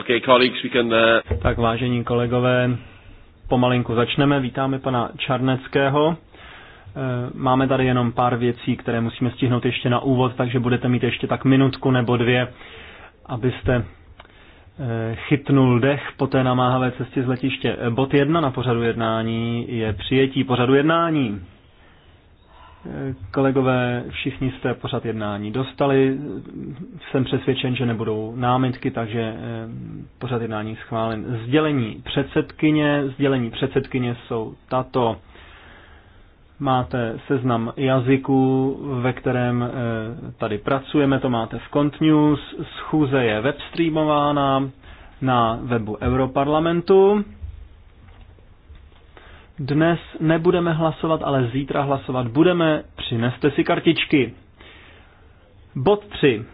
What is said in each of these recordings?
Okay, colleagues, we can, uh... Tak vážení kolegové, pomalinku začneme. Vítáme pana Čarneckého. Eh, máme tady jenom pár věcí, které musíme stihnout ještě na úvod, takže budete mít ještě tak minutku nebo dvě, abyste eh, chytnul dech po té namáhavé cestě z letiště. Bod 1 na pořadu jednání je přijetí pořadu jednání. Kolegové, všichni jste pořád jednání dostali. Jsem přesvědčen, že nebudou námitky, takže eh, pořád jednání schválen. Sdělení předsedkyně. Sdělení předsedkyně jsou tato. Máte seznam jazyků, ve kterém eh, tady pracujeme, to máte v Contnews. Schůze je webstreamována na webu Europarlamentu. Dnes nebudeme hlasovat, ale zítra hlasovat budeme. Přineste si kartičky. Bod 3.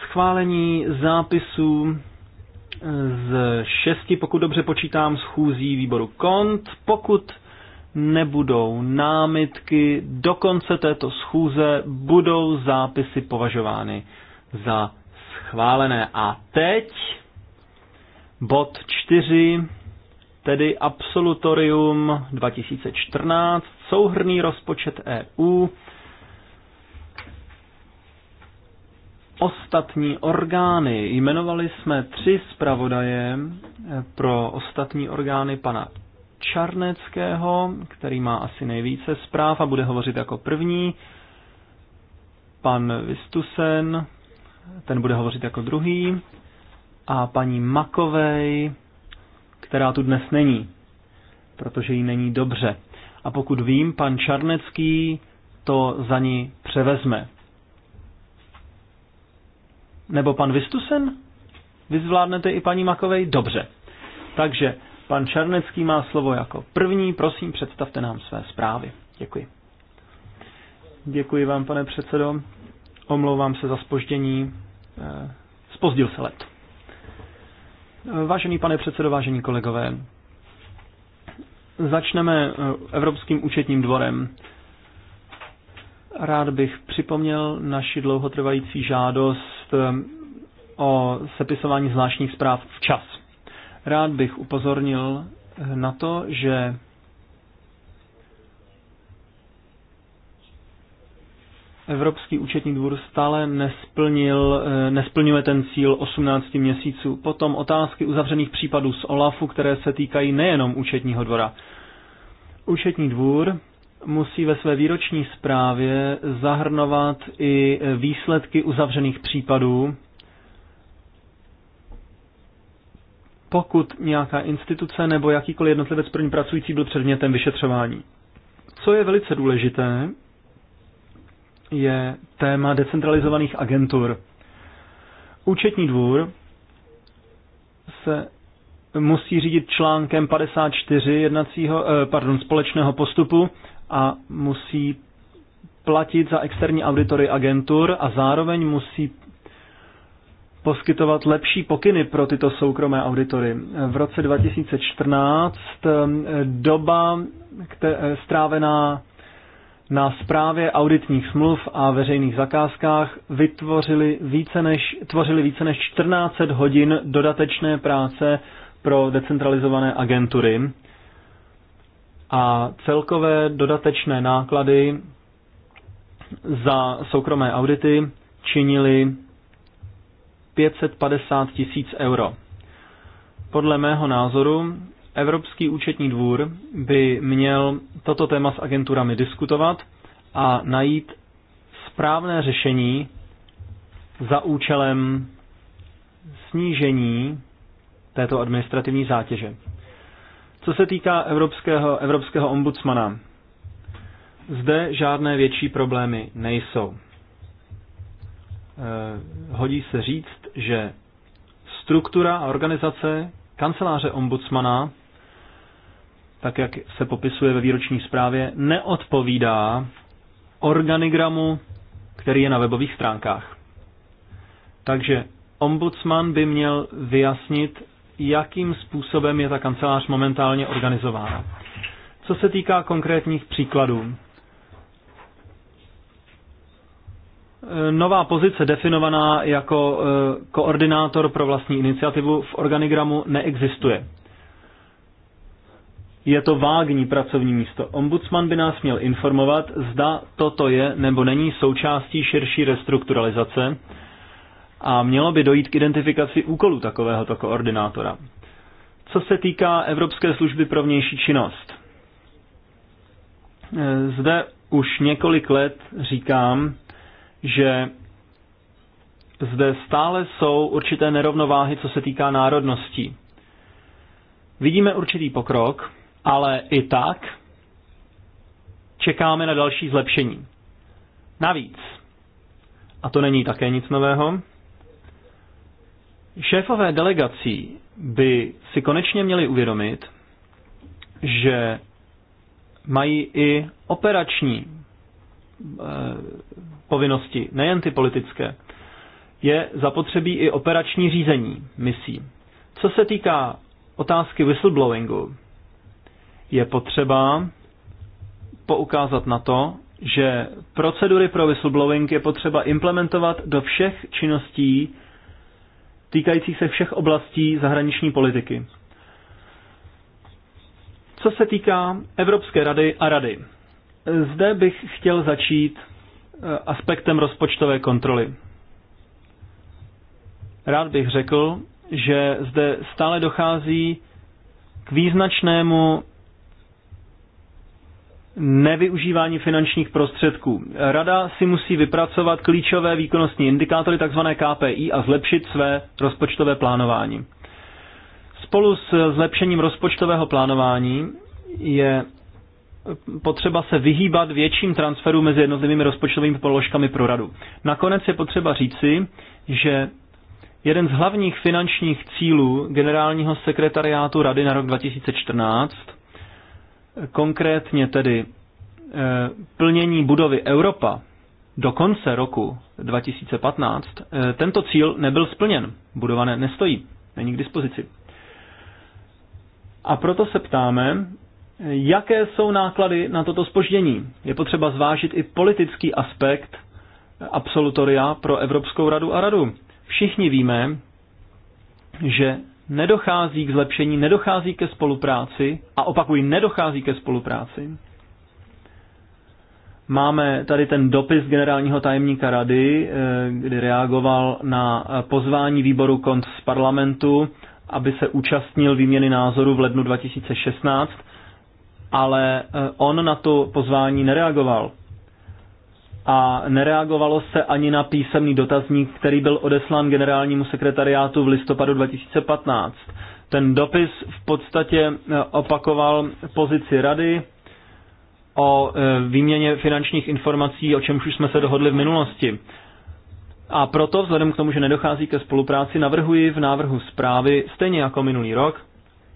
Schválení zápisů eh, z šesti, pokud dobře počítám, schůzí výboru KONT. Pokud nebudou námitky, do konce této schůze budou zápisy považovány za schválené. A teď bod 4 tedy Absolutorium 2014, souhrný rozpočet EU, ostatní orgány. Jmenovali jsme tři zpravodaje pro ostatní orgány pana Čarneckého, který má asi nejvíce zpráv a bude hovořit jako první. Pan Vistusen, ten bude hovořit jako druhý. A paní Makovej, která tu dnes není, protože jí není dobře. A pokud vím, pan Čarnecký to za ní převezme. Nebo pan Vistusen? Vy zvládnete i paní Makovej? Dobře. Takže pan Čarnecký má slovo jako první. Prosím, představte nám své zprávy. Děkuji. Děkuji vám, pane předsedo. Omlouvám se za spoždění. Spozdil eh, se let. Vážený pane předsedo, vážení kolegové, začneme eh, Evropským účetním dvorem. Rád bych připomněl naši dlouhotrvající žádost eh, o sepisování zvláštních zpráv včas. Rád bych upozornil na to, že Evropský účetní dvůr stále nesplnil, eh, nesplňuje ten cíl 18 měsíců. Potom otázky uzavřených případů z OLAFu, které se týkají nejenom účetního dvora. Účetní dvůr musí ve své výroční zprávě zahrnovat i výsledky uzavřených případů. Pokud nějaká instituce nebo jakýkoliv jednotlivec pro pracující byl předmětem vyšetřování. Co je velice důležité, je téma decentralizovaných agentur. Účetní dvůr se musí řídit článkem 54 jednacího, eh, pardon, společného postupu a musí platit za externí auditory agentur a zároveň musí poskytovat lepší pokyny pro tyto soukromé auditory. V roce 2014 ehm, doba strávená na správě auditních smluv a veřejných zakázkách vytvořili více než, tvořili více než 14 hodin dodatečné práce pro decentralizované agentury a celkové dodatečné náklady za soukromé audity činily 550 tisíc euro. Podle mého názoru Evropský účetní dvůr by měl toto téma s agenturami diskutovat a najít správné řešení za účelem snížení této administrativní zátěže. Co se týká evropského, evropského ombudsmana, zde žádné větší problémy nejsou. Eh, hodí se říct, že struktura a organizace kanceláře ombudsmana tak jak se popisuje ve výroční zprávě, neodpovídá organigramu, který je na webových stránkách. Takže ombudsman by měl vyjasnit, jakým způsobem je ta kancelář momentálně organizována. Co se týká konkrétních příkladů, Nová pozice definovaná jako eh, koordinátor pro vlastní iniciativu v organigramu neexistuje je to vágní pracovní místo. Ombudsman by nás měl informovat, zda toto je nebo není součástí širší restrukturalizace a mělo by dojít k identifikaci úkolů takovéhoto koordinátora. Co se týká Evropské služby pro vnější činnost, eh, zde už několik let říkám, že zde stále jsou určité nerovnováhy, co se týká národností. Vidíme určitý pokrok, ale i tak čekáme na další zlepšení. Navíc, a to není také nic nového, šéfové delegací by si konečně měli uvědomit, že mají i operační e, povinnosti, nejen ty politické. Je zapotřebí i operační řízení misí. Co se týká otázky whistleblowingu, je potřeba poukázat na to, že procedury pro whistleblowing je potřeba implementovat do všech činností týkajících se všech oblastí zahraniční politiky. Co se týká Evropské rady a rady, zde bych chtěl začít eh, aspektem rozpočtové kontroly. Rád bych řekl, že zde stále dochází k význačnému nevyužívání finančních prostředků. Rada si musí vypracovat klíčové výkonnostní indikátory, takzvané KPI, a zlepšit své rozpočtové plánování. Spolu s zlepšením rozpočtového plánování je potřeba se vyhýbat větším transferům mezi jednotlivými rozpočtovými položkami pro radu. Nakonec je potřeba říci, že jeden z hlavních finančních cílů generálního sekretariátu rady na rok 2014 Konkrétně tedy eh, plnění budovy Europa do konce roku 2015, eh, tento cíl nebyl splněn. Budované nestojí, není k dispozici. A proto se ptáme, eh, jaké jsou náklady na toto spoždění. Je potřeba zvážit i politický aspekt absolutoria pro Evropskou radu a radu. Všichni víme, že nedochází k zlepšení, nedochází ke spolupráci, a opakuji, nedochází ke spolupráci, Máme tady ten dopis generálního tajemníka rady, eh, kdy reagoval na pozvání výboru KONC z parlamentu, aby se účastnil výměny názoru v lednu 2016, ale eh, on na to pozvání nereagoval a nereagovalo se ani na písemný dotazník, který byl odeslán generálnímu sekretariátu v listopadu 2015. Ten dopis v podstatě e, opakoval pozici rady o e, výměně finančních informací, o čemž už jsme se dohodli v minulosti. A proto, vzhledem k tomu, že nedochází ke spolupráci, navrhuji v návrhu zprávy, stejně jako minulý rok,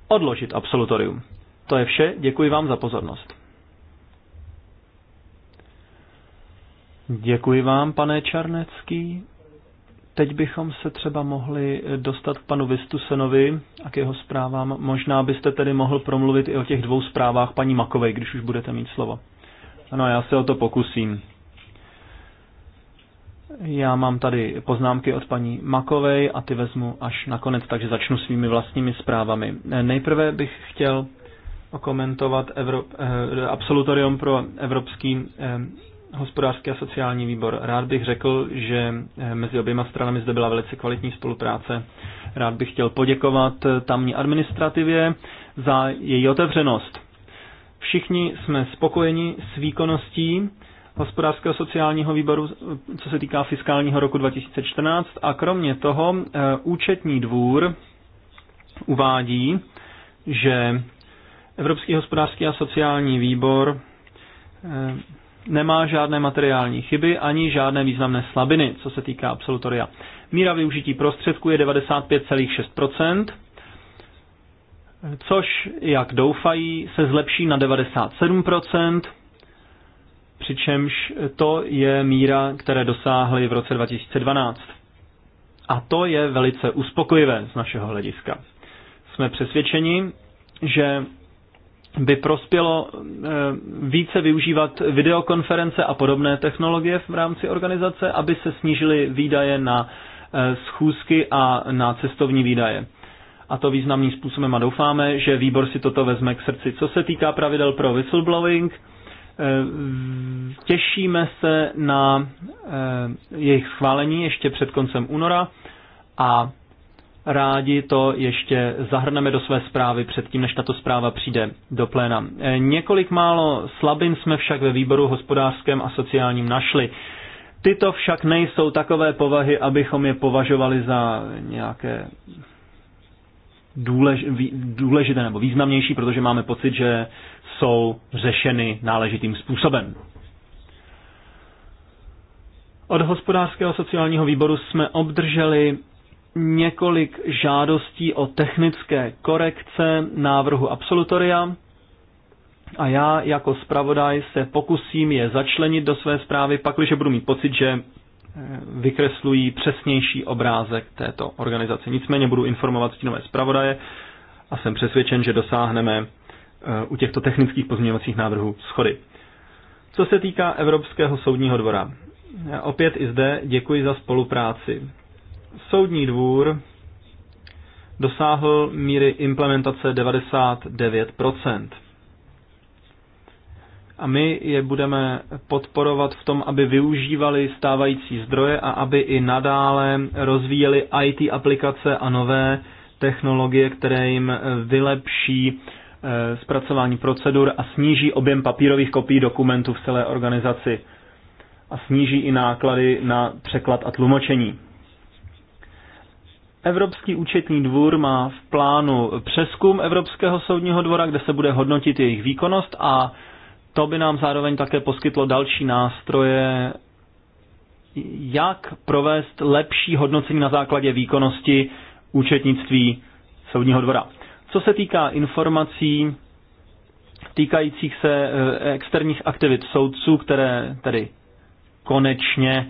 odložit absolutorium. To je vše, děkuji vám za pozornost. Děkuji vám, pane Čarnecký. Teď bychom se třeba mohli dostat k panu Vistusenovi a k jeho zprávám. Možná byste tedy mohl promluvit i o těch dvou zprávách paní Makovej, když už budete mít slovo. Ano, já se o to pokusím. Já mám tady poznámky od paní Makovej a ty vezmu až nakonec, takže začnu svými vlastními zprávami. Nejprve bych chtěl okomentovat Evrop, eh, absolutorium pro Evropský eh, hospodářský a sociální výbor. Rád bych řekl, že eh, mezi oběma stranami zde byla velice kvalitní spolupráce. Rád bych chtěl poděkovat eh, tamní administrativě za její otevřenost. Všichni jsme spokojeni s výkonností hospodářského sociálního výboru, eh, co se týká fiskálního roku 2014 a kromě toho účetní dvůr uvádí, že Evropský hospodářský a sociální výbor nemá žádné materiální chyby ani žádné významné slabiny, co se týká absolutoria. Míra využití prostředků je 95,6%, což, jak doufají, se zlepší na 97%, přičemž to je míra, které dosáhly v roce 2012. A to je velice uspokojivé z našeho hlediska. Jsme přesvědčeni, že by prospělo eh, více využívat videokonference a podobné technologie v rámci organizace, aby se snížily výdaje na eh, schůzky a na cestovní výdaje. A to významným způsobem a doufáme, že výbor si toto vezme k srdci. Co se týká pravidel pro whistleblowing, eh, těšíme se na jejich schválení ještě před koncem února a rádi to ještě zahrneme do své zprávy předtím, než tato zpráva přijde do pléna. E, několik málo slabin jsme však ve výboru hospodářském a sociálním našli. Tyto však nejsou takové povahy, abychom je považovali za nějaké důležité nebo významnější, protože máme pocit, že jsou řešeny náležitým způsobem. Od hospodářského sociálního výboru jsme obdrželi několik žádostí o technické korekce návrhu absolutoria a já jako zpravodaj se pokusím je začlenit do své zprávy, pakliže budu mít pocit, že eh, vykreslují přesnější obrázek této organizace. Nicméně budu informovat stínové zpravodaje a jsem přesvědčen, že dosáhneme eh, u těchto technických pozměňovacích návrhů schody. Co se týká Evropského soudního dvora, opět i zde děkuji za spolupráci. Soudní dvůr dosáhl míry implementace 99%. A my je budeme podporovat v tom, aby využívali stávající zdroje a aby i nadále rozvíjeli IT aplikace a nové technologie, které jim eh, vylepší eh, zpracování procedur a sníží objem papírových kopií dokumentů v celé organizaci a sníží i náklady na překlad a tlumočení. Evropský účetní dvůr má v plánu přeskum Evropského soudního dvora, kde se bude hodnotit jejich výkonnost a to by nám zároveň také poskytlo další nástroje, jak provést lepší hodnocení na základě výkonnosti účetnictví soudního dvora. Co se týká informací týkajících se eh, externích aktivit soudců, které tedy konečně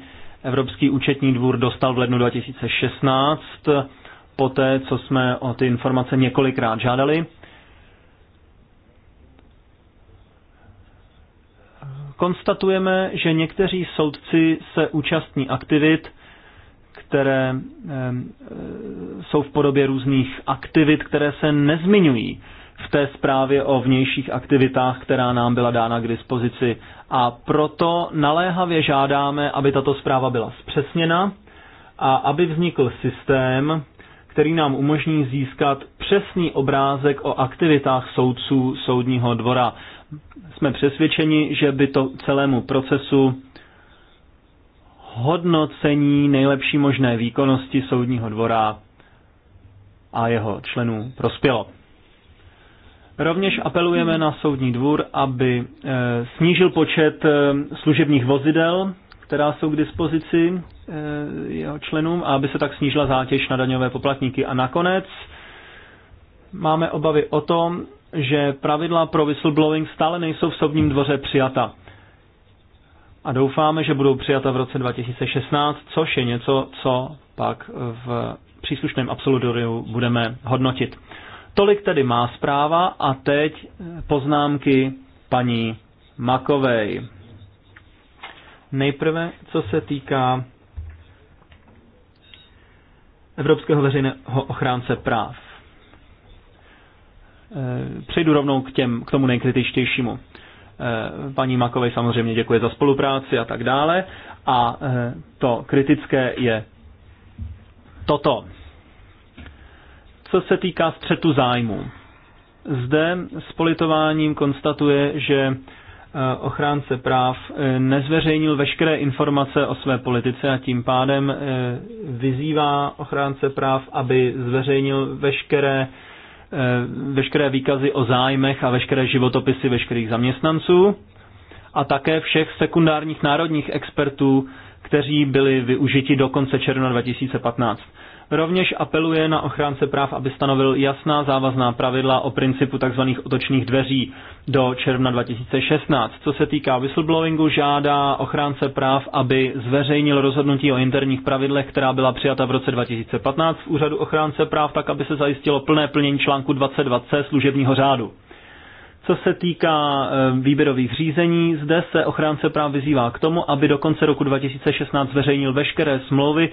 Evropský účetní dvůr dostal v lednu 2016, poté co jsme o ty informace několikrát žádali. Konstatujeme, že někteří soudci se účastní aktivit, které eh, jsou v podobě různých aktivit, které se nezmiňují v té zprávě o vnějších aktivitách, která nám byla dána k dispozici. A proto naléhavě žádáme, aby tato zpráva byla zpřesněna a aby vznikl systém, který nám umožní získat přesný obrázek o aktivitách soudců soudního dvora. Jsme přesvědčeni, že by to celému procesu hodnocení nejlepší možné výkonnosti soudního dvora a jeho členů prospělo. Rovněž apelujeme na soudní dvůr, aby eh, snížil počet eh, služebních vozidel, která jsou k dispozici eh, jeho členům, a aby se tak snížila zátěž na daňové poplatníky. A nakonec máme obavy o tom, že pravidla pro whistleblowing stále nejsou v soudním dvoře přijata. A doufáme, že budou přijata v roce 2016, což je něco, co pak v příslušném absolutoriu budeme hodnotit. Tolik tedy má zpráva a teď poznámky paní Makovej. Nejprve, co se týká Evropského veřejného ochránce práv. Eh, přejdu rovnou k, těm, k tomu nejkritičtějšímu. Eh, paní Makovej samozřejmě děkuje za spolupráci a tak dále. A eh, to kritické je toto. Co se týká střetu zájmu, zde s politováním konstatuje, že eh, ochránce práv eh, nezveřejnil veškeré informace o své politice a tím pádem eh, vyzývá ochránce práv, aby zveřejnil veškeré, veškeré výkazy o zájmech a veškeré životopisy veškerých zaměstnanců a také všech sekundárních národních expertů, kteří byli využiti do konce června 2015. Rovněž apeluje na ochránce práv, aby stanovil jasná závazná pravidla o principu tzv. otočných dveří do června 2016. Co se týká whistleblowingu, žádá ochránce práv, aby zveřejnil rozhodnutí o interních pravidlech, která byla přijata v roce 2015 v úřadu ochránce práv, tak aby se zajistilo plné plnění článku 22c služebního řádu. Co se týká eh, výběrových řízení, zde se ochránce práv vyzývá k tomu, aby do konce roku 2016 zveřejnil veškeré smlouvy,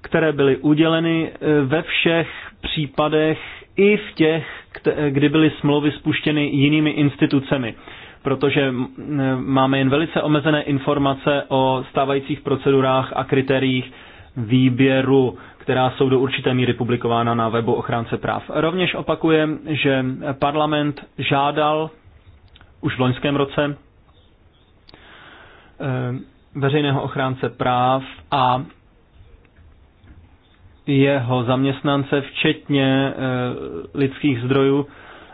které byly uděleny eh, ve všech případech, i v těch, eh, kdy byly smlouvy spuštěny jinými institucemi, protože eh, máme jen velice omezené informace o stávajících procedurách a kritériích výběru, která jsou do určité míry publikována na webu ochránce práv. Rovněž opakuje, že parlament žádal už v loňském roce veřejného ochránce práv a jeho zaměstnance, včetně e, lidských zdrojů,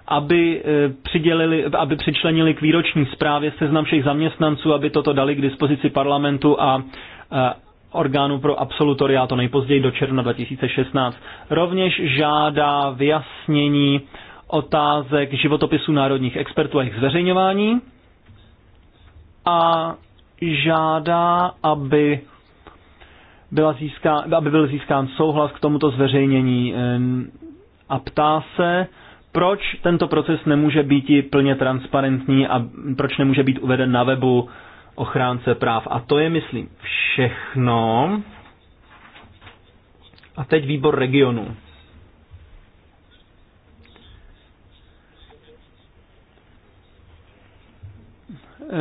aby, e, přidělili, aby přičlenili k výroční zprávě seznam všech zaměstnanců, aby toto dali k dispozici parlamentu a e, orgánu pro absolutoria, to nejpozději do června 2016. Rovněž žádá vyjasnění otázek životopisů národních expertů a jejich zveřejňování a žádá, aby byla získá, aby byl získán souhlas k tomuto zveřejnění a ptá se, proč tento proces nemůže být i plně transparentní a proč nemůže být uveden na webu ochránce práv. A to je, myslím, všechno. A teď výbor regionu.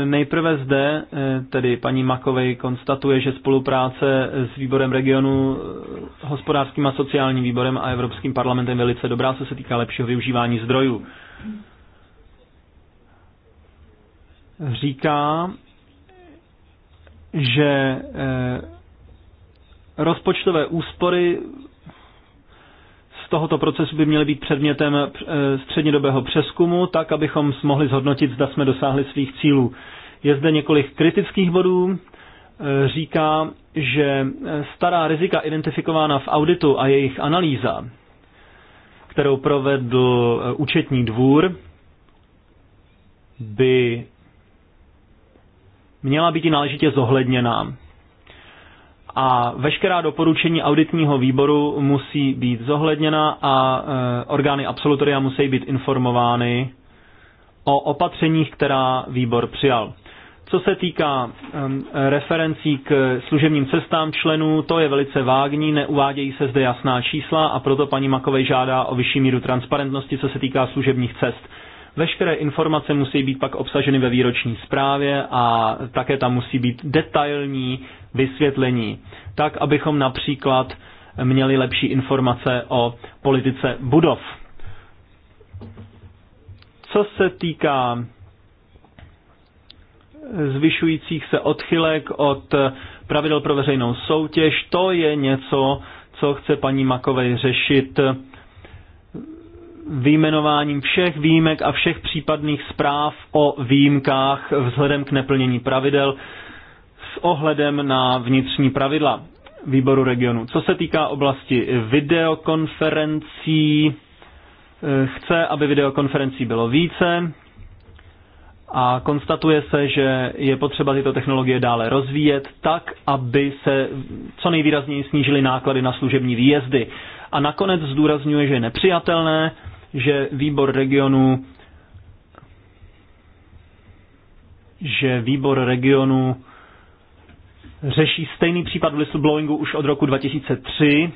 Nejprve zde eh, tedy paní Makovej konstatuje, že spolupráce s výborem regionu, eh, hospodářským a sociálním výborem a Evropským parlamentem velice dobrá, co se týká lepšího využívání zdrojů. Říká, že eh, rozpočtové úspory tohoto procesu by měly být předmětem eh, střednědobého přeskumu, tak abychom mohli zhodnotit, zda jsme dosáhli svých cílů. Je zde několik kritických bodů. Eh, říká, že eh, stará rizika identifikována v auditu a jejich analýza, kterou provedl účetní dvůr, by měla být i náležitě zohledněná a veškerá doporučení auditního výboru musí být zohledněna a e, orgány absolutoria musí být informovány o opatřeních, která výbor přijal. Co se týká referencí k služebním cestám členů, to je velice vágní, neuvádějí se zde jasná čísla a proto paní Makovej žádá o vyšší míru transparentnosti, co se týká služebních cest. Veškeré informace musí být pak obsaženy ve výroční zprávě a také tam musí být detailní vysvětlení, tak abychom například měli lepší informace o politice budov. Co se týká zvyšujících se odchylek od pravidel pro veřejnou soutěž, to je něco, co chce paní Makovej řešit výjmenováním všech výjimek a všech případných zpráv o výjimkách vzhledem k neplnění pravidel s ohledem na vnitřní pravidla výboru regionu. Co se týká oblasti videokonferencí, eh, chce, aby videokonferencí bylo více a konstatuje se, že je potřeba tyto technologie dále rozvíjet tak, aby se co nejvýrazněji snížily náklady na služební výjezdy. A nakonec zdůrazňuje, že je nepřijatelné, že výbor regionu že výbor regionu řeší stejný případ whistleblowingu už od roku 2003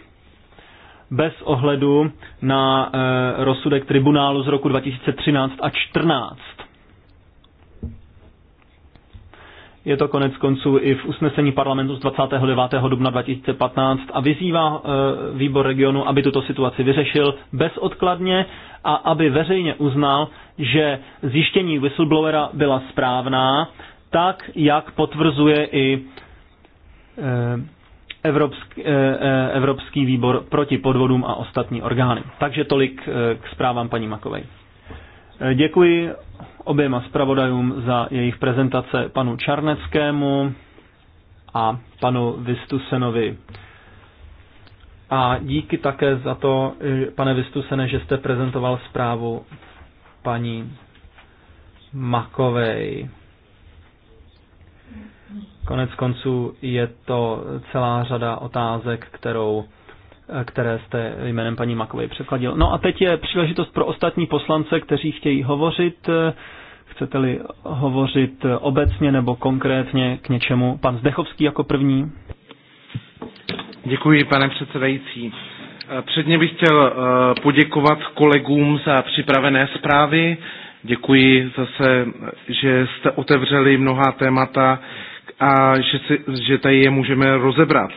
bez ohledu na e, rozsudek tribunálu z roku 2013 a 14. Je to konec konců i v usnesení parlamentu z 29. dubna 2015 a vyzývá e, výbor regionu, aby tuto situaci vyřešil bezodkladně a aby veřejně uznal, že zjištění whistleblowera byla správná, tak jak potvrzuje i e, Evropský, e, Evropský výbor proti podvodům a ostatní orgány. Takže tolik k zprávám paní Makovej. Eh, děkuji oběma zpravodajům za jejich prezentace panu Čarneckému a panu Vistusenovi. A díky také za to, eh, pane Vistusene, že jste prezentoval zprávu paní Makovej. Konec konců je to celá řada otázek, kterou které jste jménem paní Makovej překladil. No a teď je příležitost pro ostatní poslance, kteří chtějí hovořit. Chcete-li hovořit obecně nebo konkrétně k něčemu? Pan Zdechovský jako první. Děkuji, pane předsedající. Předně bych chtěl eh, poděkovat kolegům za připravené zprávy. Děkuji zase, že jste otevřeli mnohá témata a že, si, že tady je můžeme rozebrat.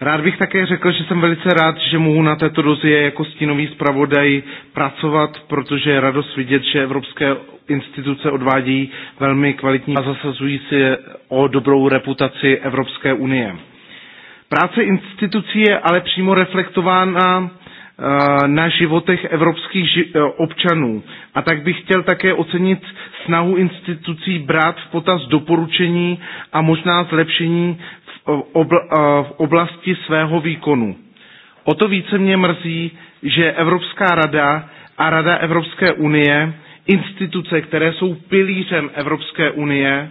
Rád bych také řekl, že jsem velice rád, že mohu na této dozie jako stínový zpravodaj pracovat, protože je radost vidět, že evropské instituce odvádějí velmi kvalitní a zasazují se o dobrou reputaci Evropské unie. Práce institucí je ale přímo reflektována eh, na životech evropských eh, občanů. A tak bych chtěl také ocenit snahu institucí brát v potaz doporučení a možná zlepšení v oblasti svého výkonu. O to více mě mrzí, že Evropská rada a Rada Evropské unie, instituce, které jsou pilířem Evropské unie,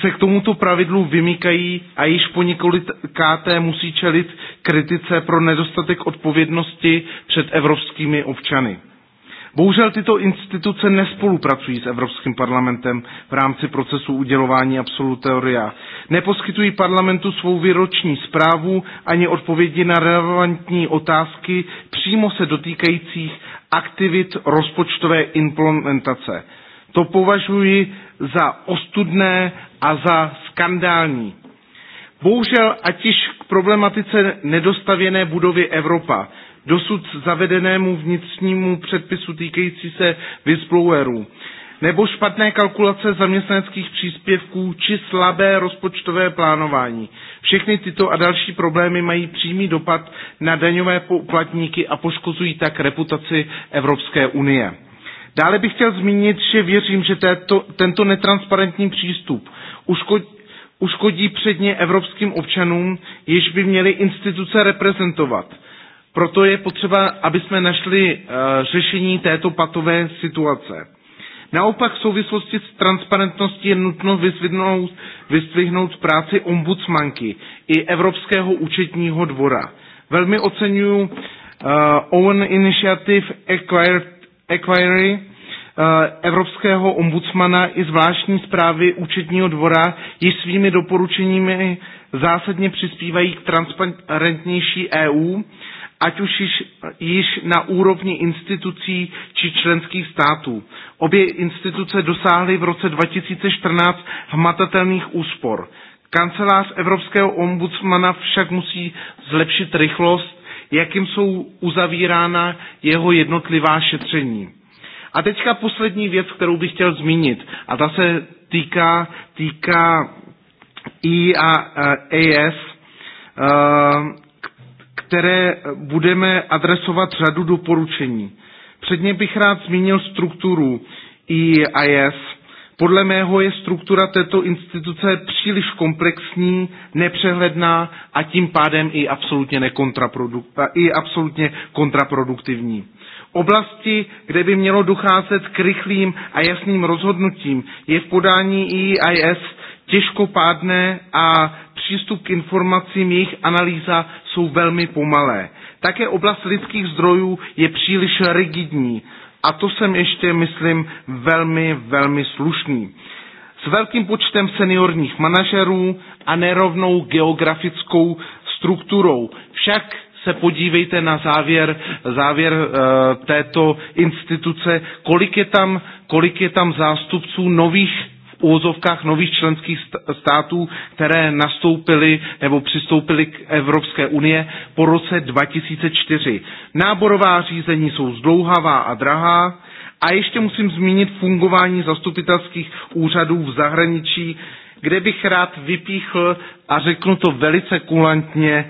se k tomuto pravidlu vymýkají a již po několikáté musí čelit kritice pro nedostatek odpovědnosti před evropskými občany. Bohužel tyto instituce nespolupracují s Evropským parlamentem v rámci procesu udělování absolutoria. Neposkytují parlamentu svou výroční zprávu ani odpovědi na relevantní otázky přímo se dotýkajících aktivit rozpočtové implementace. To považuji za ostudné a za skandální. Bohužel, ať již k problematice nedostavěné budovy Evropa dosud zavedenému vnitřnímu předpisu týkající se whistleblowerů nebo špatné kalkulace zaměstnaneckých příspěvků či slabé rozpočtové plánování. Všechny tyto a další problémy mají přímý dopad na daňové poplatníky a poškozují tak reputaci Evropské unie. Dále bych chtěl zmínit, že věřím, že této, tento netransparentní přístup uškodí, uškodí předně evropským občanům, jež by měly instituce reprezentovat proto je potřeba, aby jsme našli eh, řešení této patové situace. Naopak v souvislosti s transparentností je nutno vyzvihnout, vyzvihnout práci ombudsmanky i Evropského účetního dvora. Velmi oceňuji uh, eh, Own Initiative Acquiry, eh, Evropského ombudsmana i zvláštní zprávy účetního dvora, již svými doporučeními zásadně přispívají k transparentnější EU ať už již, již na úrovni institucí či členských států. Obě instituce dosáhly v roce 2014 hmatatelných úspor. Kancelář Evropského ombudsmana však musí zlepšit rychlost, jakým jsou uzavírána jeho jednotlivá šetření. A teďka poslední věc, kterou bych chtěl zmínit, a ta se týká, týká IAS, které budeme adresovat řadu doporučení. Předně bych rád zmínil strukturu EIS. Podle mého je struktura této instituce příliš komplexní, nepřehledná a tím pádem i absolutně, i absolutně kontraproduktivní. Oblasti, kde by mělo docházet k rychlým a jasným rozhodnutím, je v podání EIS těžkopádné a přístup k informacím, jejich analýza jsou velmi pomalé. Také oblast lidských zdrojů je příliš rigidní a to jsem ještě, myslím, velmi, velmi slušný. S velkým počtem seniorních manažerů a nerovnou geografickou strukturou. Však se podívejte na závěr, závěr e, této instituce, kolik je, tam, kolik je tam zástupců nových v úvozovkách nových členských států, které nastoupily nebo přistoupily k Evropské unie po roce 2004. Náborová řízení jsou zdlouhavá a drahá, a ještě musím zmínit fungování zastupitelských úřadů v zahraničí, kde bych rád vypíchl a řeknu to velice kulantně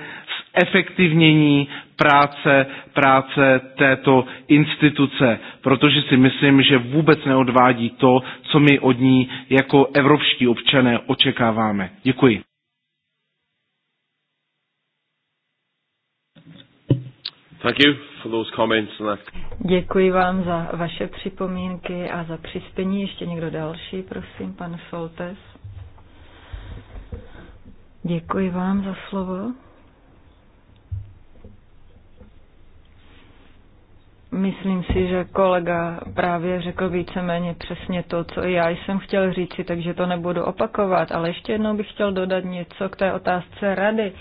zefektivnění práce, práce této instituce, protože si myslím, že vůbec neodvádí to, co my od ní jako evropští občané očekáváme. Děkuji. Thank you for those comments and Děkuji vám za vaše připomínky a za přispění. Ještě někdo další, prosím, pan Soltes. Děkuji vám za slovo. Myslím si, že kolega právě řekl víceméně přesně to, co i já jsem chtěl říci, takže to nebudu opakovat, ale ještě jednou bych chtěl dodat něco k té otázce rady.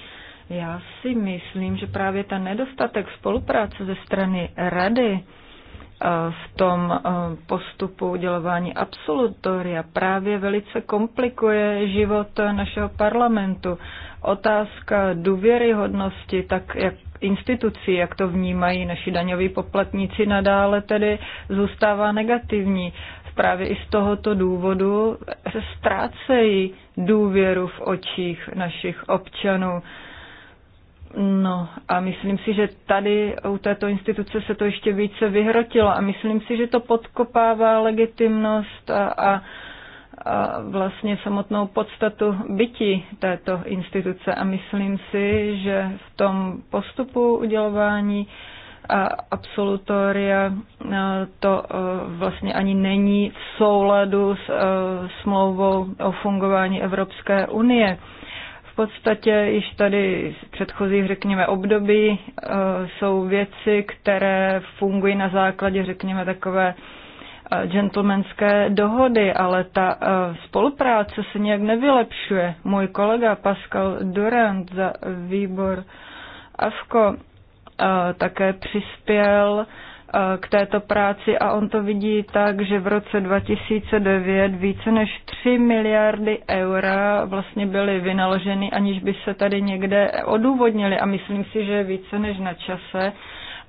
Já si myslím, že právě ten nedostatek spolupráce ze strany rady eh, v tom eh, postupu udělování absolutoria právě velice komplikuje život našeho parlamentu. Otázka důvěryhodnosti, tak jak institucí, jak to vnímají naši daňoví poplatníci, nadále tedy zůstává negativní. Právě i z tohoto důvodu se ztrácejí důvěru v očích našich občanů. No a myslím si, že tady u této instituce se to ještě více vyhrotilo a myslím si, že to podkopává legitimnost a, a vlastně samotnou podstatu bytí této instituce a myslím si, že v tom postupu udělování a absolutoria to e, vlastně ani není v souladu s e, smlouvou o fungování Evropské unie. V podstatě již tady z předchozích, řekněme, období e, jsou věci, které fungují na základě, řekněme, takové Eh, gentlemanské dohody, ale ta eh, spolupráce se nějak nevylepšuje. Můj kolega Pascal Durant za výbor AFKO eh, také přispěl k této práci a on to vidí tak, že v roce 2009 více než 3 miliardy eura vlastně byly vynaloženy, aniž by se tady někde odůvodnili a myslím si, že je více než na čase,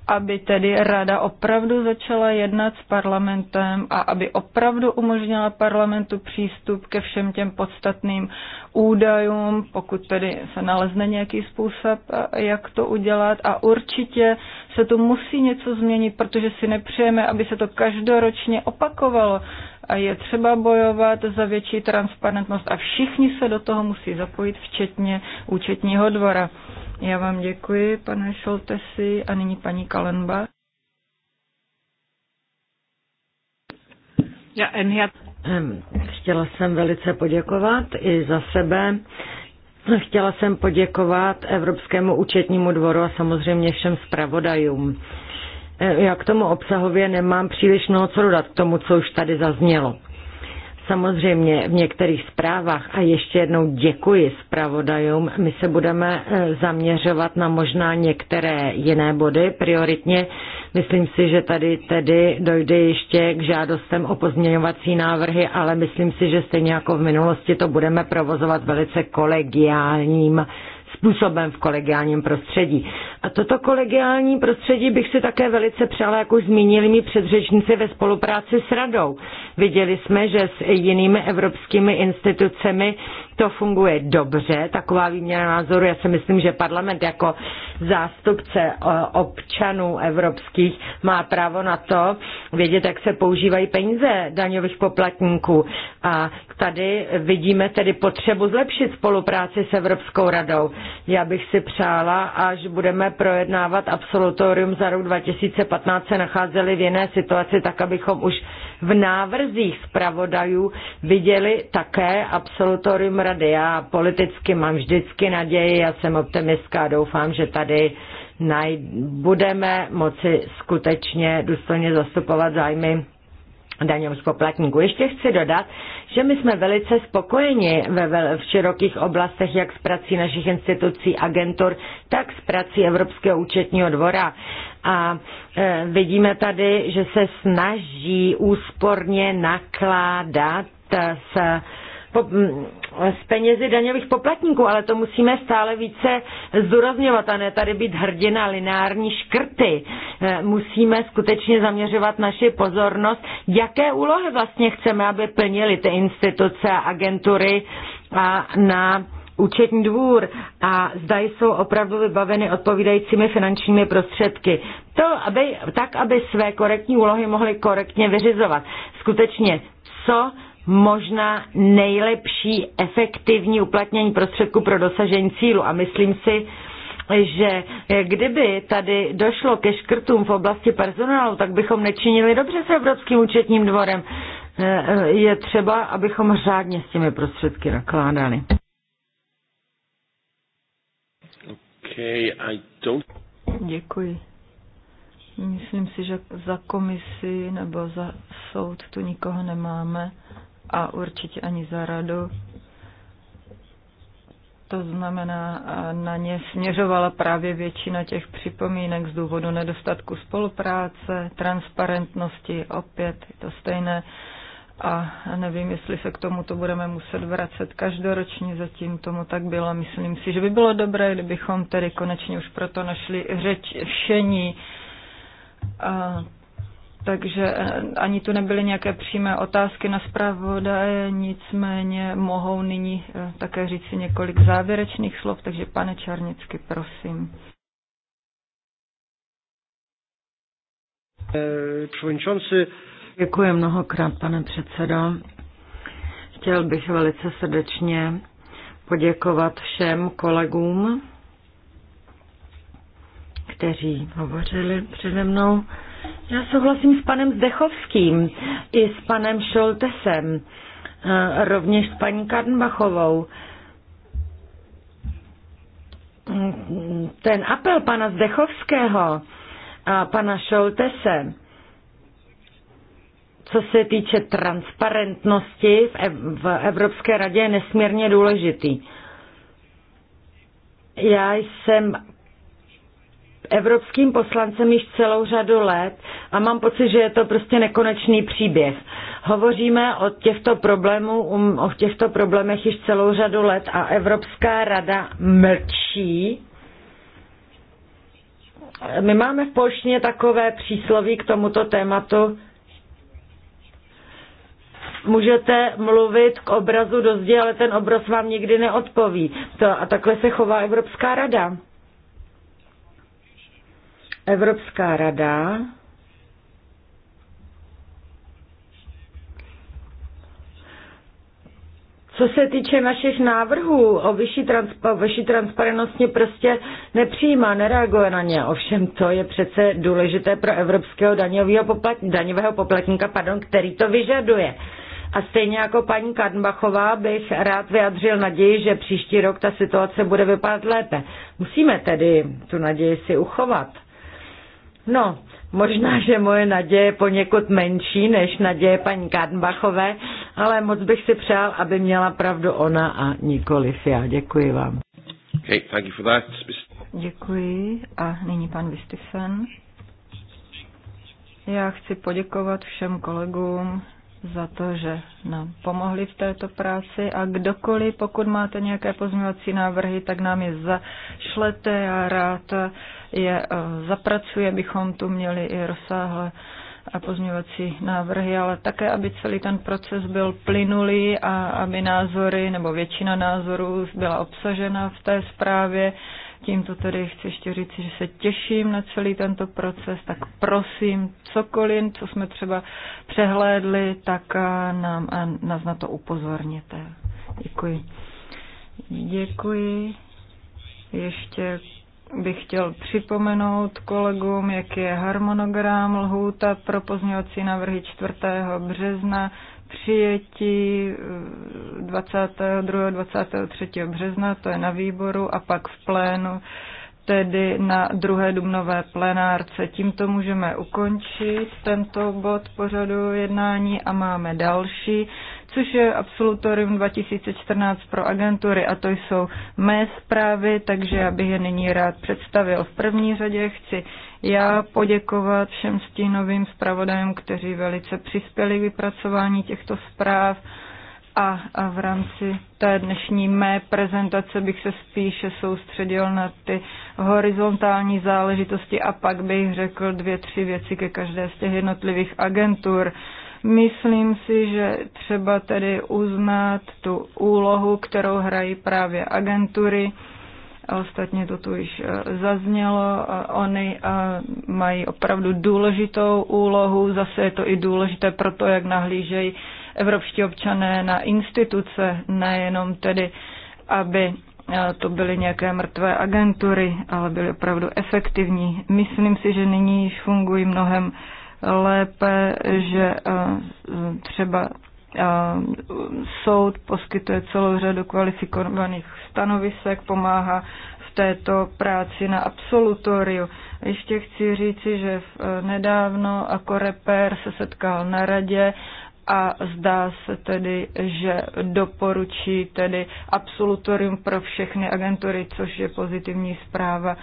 aby tedy rada opravdu začala jednat s parlamentem a aby opravdu umožnila parlamentu přístup ke všem těm podstatným údajům, pokud tedy se nalezne nějaký způsob, eh, jak to udělat. A určitě se tu musí něco změnit, protože si nepřejeme, aby se to každoročně opakovalo. A je třeba bojovat za větší transparentnost a všichni se do toho musí zapojit, včetně účetního dvora. Já vám děkuji, pane Šoltesi, a nyní paní Kalenba. Ja, en her... Ehm, chtěla jsem velice poděkovat i za sebe. Chtěla jsem poděkovat Evropskému účetnímu dvoru a samozřejmě všem zpravodajům. Eh, já k tomu obsahově nemám příliš mnoho co dodat k tomu, co už tady zaznělo. Samozřejmě v některých zprávách a ještě jednou děkuji zpravodajům. My se budeme eh, zaměřovat na možná některé jiné body prioritně. Myslím si, že tady tedy dojde ještě k žádostem o pozměňovací návrhy, ale myslím si, že stejně jako v minulosti to budeme provozovat velice kolegiálním způsobem v kolegiálním prostředí. A toto kolegiální prostředí bych si také velice přála, jak už zmínili mi předřečníci ve spolupráci s radou. Viděli jsme, že s jinými evropskými institucemi to funguje dobře, taková výměna názoru. Já si myslím, že parlament jako zástupce občanů evropských má právo na to vědět, jak se používají peníze daňových poplatníků. A tady vidíme tedy potřebu zlepšit spolupráci s Evropskou radou. Já bych si přála, až budeme projednávat absolutorium za rok 2015, se nacházeli v jiné situaci, tak abychom už v návrzích zpravodajů viděli také absolutorium rady. Já politicky mám vždycky naději, já jsem optimistka a doufám, že tady naj- budeme moci skutečně důstojně zastupovat zájmy daňových poplatníků. Ještě chci dodat, že my jsme velice spokojeni ve, ve, v širokých oblastech, jak s prací našich institucí, agentur, tak s prací Evropského účetního dvora. A e, vidíme tady, že se snaží úsporně nakládat s Mm, z penězi daňových poplatníků, ale to musíme stále více zdůrazňovat a ne tady být hrdina lineární škrty. Eh, musíme skutečně zaměřovat naši pozornost, jaké úlohy vlastně chceme, aby plnili ty instituce a agentury a na účetní dvůr a zda jsou opravdu vybaveny odpovídajícími finančními prostředky. To, aby, tak, aby své korektní úlohy mohly korektně vyřizovat. Skutečně, co možná nejlepší efektivní uplatnění prostředků pro dosažení cílu. A myslím si, že kdyby tady došlo ke škrtům v oblasti personálu, tak bychom nečinili dobře s Evropským účetním dvorem. Eh, je třeba, abychom řádně s těmi prostředky nakládali. Okay, I don't... Děkuji. Myslím si, že za komisi nebo za soud tu nikoho nemáme a určitě ani za radu. To znamená, na ně směřovala právě většina těch připomínek z důvodu nedostatku spolupráce, transparentnosti, opět je to stejné. A nevím, jestli se k tomu to budeme muset vracet každoročně, zatím tomu tak bylo. Myslím si, že by bylo dobré, kdybychom tedy konečně už proto našli řečení. A takže eh, ani tu nebyly nějaké přímé otázky na zpravodaje, nicméně mohou nyní eh, také říct si několik závěrečných slov, takže pane Čarnicky, prosím. Eh, Děkuji mnohokrát, pane předsedo. Chtěl bych velice srdečně poděkovat všem kolegům, kteří hovořili přede mnou. Já souhlasím s panem Zdechovským i s panem Šoltesem, eh, rovněž s paní Karnbachovou. Ten apel pana Zdechovského a pana Šoltese, co se týče transparentnosti v Evropské radě, je nesmírně důležitý. Já jsem evropským poslancem již celou řadu let a mám pocit, že je to prostě nekonečný příběh. Hovoříme o těchto, problémů, um, o těchto problémech již celou řadu let a Evropská rada mlčí. My máme v polštině takové přísloví k tomuto tématu. Můžete mluvit k obrazu do zdi, ale ten obraz vám nikdy neodpoví. To, a takhle se chová Evropská rada. Evropská rada Co se týče našich návrhů o vyšší, transpa- vyšší transparentnosti, prostě nepřijímá, nereaguje na ně. Ovšem to je přece důležité pro evropského daňového, poplat- daňového poplatníka, pardon, který to vyžaduje. A stejně jako paní Karnbachová bych rád vyjadřil naději, že příští rok ta situace bude vypadat lépe. Musíme tedy tu naději si uchovat. No, možná, že moje naděje je poněkud menší než naděje paní Karnbachové, ale moc bych si přál, aby měla pravdu ona a nikoliv já. Děkuji vám. Okay, thank you for that. Děkuji. A nyní pan Vistisen. Já chci poděkovat všem kolegům za to, že nám pomohli v této práci a kdokoliv, pokud máte nějaké pozměňovací návrhy, tak nám je zašlete. a rád je eh, zapracuje, bychom tu měli i rozsáhlé a eh, pozměňovací návrhy, ale také, aby celý ten proces byl plynulý a aby názory nebo většina názorů byla obsažena v té zprávě. Tímto tedy chci ještě říct, že se těším na celý tento proces, tak prosím, cokoliv, co jsme třeba přehlédli, tak eh, nám, a nás na to upozorněte. Děkuji. Děkuji. Ještě bych chtěl připomenout kolegům, jak je harmonogram lhůta pro pozměňovací návrhy 4. března, přijetí 22. Eh, 23. března, to je na výboru, a pak v plénu, tedy na druhé dubnové plenárce. Tímto můžeme ukončit tento bod pořadu jednání a máme další což je absolutorium 2014 pro agentury a to jsou mé zprávy, takže já bych je nyní rád představil. V první řadě chci já poděkovat všem stínovým zpravodajům, kteří velice přispěli k vypracování těchto zpráv a, a v rámci té dnešní mé prezentace bych se spíše soustředil na ty horizontální záležitosti a pak bych řekl dvě, tři věci ke každé z těch jednotlivých agentur. Myslím si, že třeba tedy uznat tu úlohu, kterou hrají právě agentury, a ostatně to tu již eh, zaznělo. Oni eh, mají opravdu důležitou úlohu, zase je to i důležité pro to, jak nahlížejí evropští občané na instituce, nejenom tedy, aby eh, to byly nějaké mrtvé agentury, ale byly opravdu efektivní. Myslím si, že nyní již fungují mnohem lépe, že eh, třeba eh, soud poskytuje celou řadu kvalifikovaných stanovisek, pomáhá v této práci na absolutoriu. Ještě chci říci, že eh, nedávno jako reper se setkal na radě a zdá se tedy, že doporučí tedy absolutorium pro všechny agentury, což je pozitivní zpráva,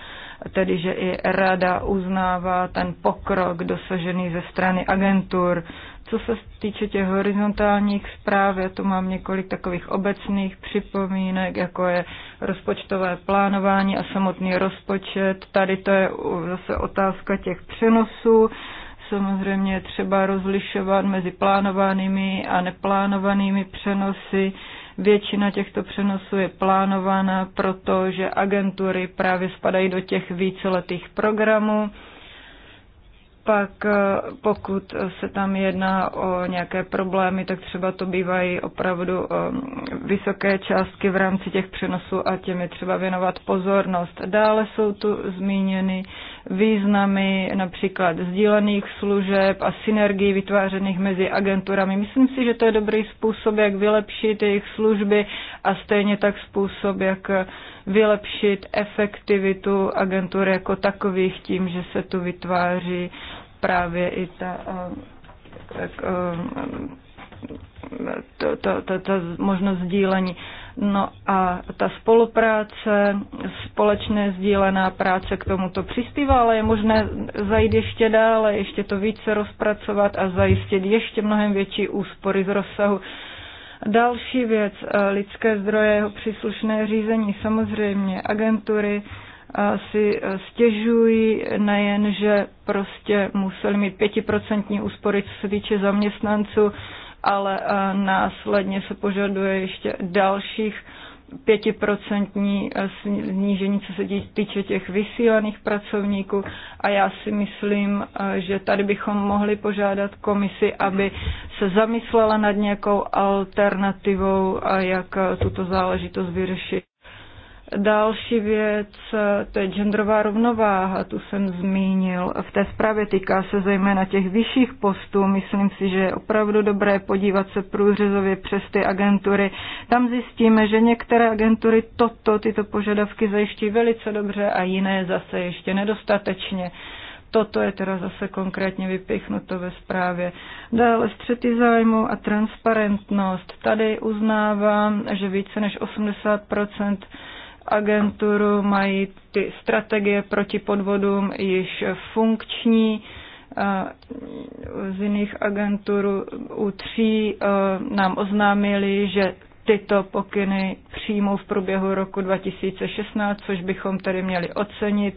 tedy že i rada uznává ten pokrok dosažený ze strany agentur. Co se týče těch horizontálních zpráv, já tu mám několik takových obecných připomínek, jako je rozpočtové plánování a samotný rozpočet. Tady to je zase otázka těch přenosů Samozřejmě je třeba rozlišovat mezi plánovanými a neplánovanými přenosy. Většina těchto přenosů je plánována, protože agentury právě spadají do těch víceletých programů. Pak eh, pokud se tam jedná o nějaké problémy, tak třeba to bývají opravdu eh, vysoké částky v rámci těch přenosů a je třeba věnovat pozornost. Dále jsou tu zmíněny významy například sdílených služeb a synergii vytvářených mezi agenturami. Myslím si, že to je dobrý způsob, jak vylepšit jejich služby a stejně tak způsob, jak vylepšit efektivitu agentur jako takových tím, že se tu vytváří právě i ta eh, tak, eh, to, to, to, to možnost sdílení. No a ta spolupráce, společné sdílená práce k tomuto přispívá, ale je možné zajít ještě dále, ještě to více rozpracovat a zajistit ještě mnohem větší úspory z rozsahu. Další věc, eh, lidské zdroje, jeho příslušné řízení, samozřejmě agentury, eh, si eh, stěžují nejen, že prostě museli mít pětiprocentní úspory, co se týče zaměstnanců, ale eh, následně se požaduje ještě dalších pětiprocentní eh, snížení, co se týče těch vysílaných pracovníků a já si myslím, eh, že tady bychom mohli požádat komisi, aby se zamyslela nad nějakou alternativou, jak tuto záležitost vyřešit. Další věc, to je genderová rovnováha, tu jsem zmínil. V té zprávě týká se zejména těch vyšších postů. Myslím si, že je opravdu dobré podívat se průřezově přes ty agentury. Tam zjistíme, že některé agentury toto, tyto požadavky zajišťují velice dobře a jiné zase ještě nedostatečně. Toto je teda zase konkrétně vypichnuto ve zprávě. Dále střety zájmu a transparentnost. Tady uznávám, že více než 80 agenturu, mají ty strategie proti podvodům již funkční. Eh, z jiných agentur u tří eh, nám oznámili, že tyto pokyny přijmou v průběhu roku 2016, což bychom tedy měli ocenit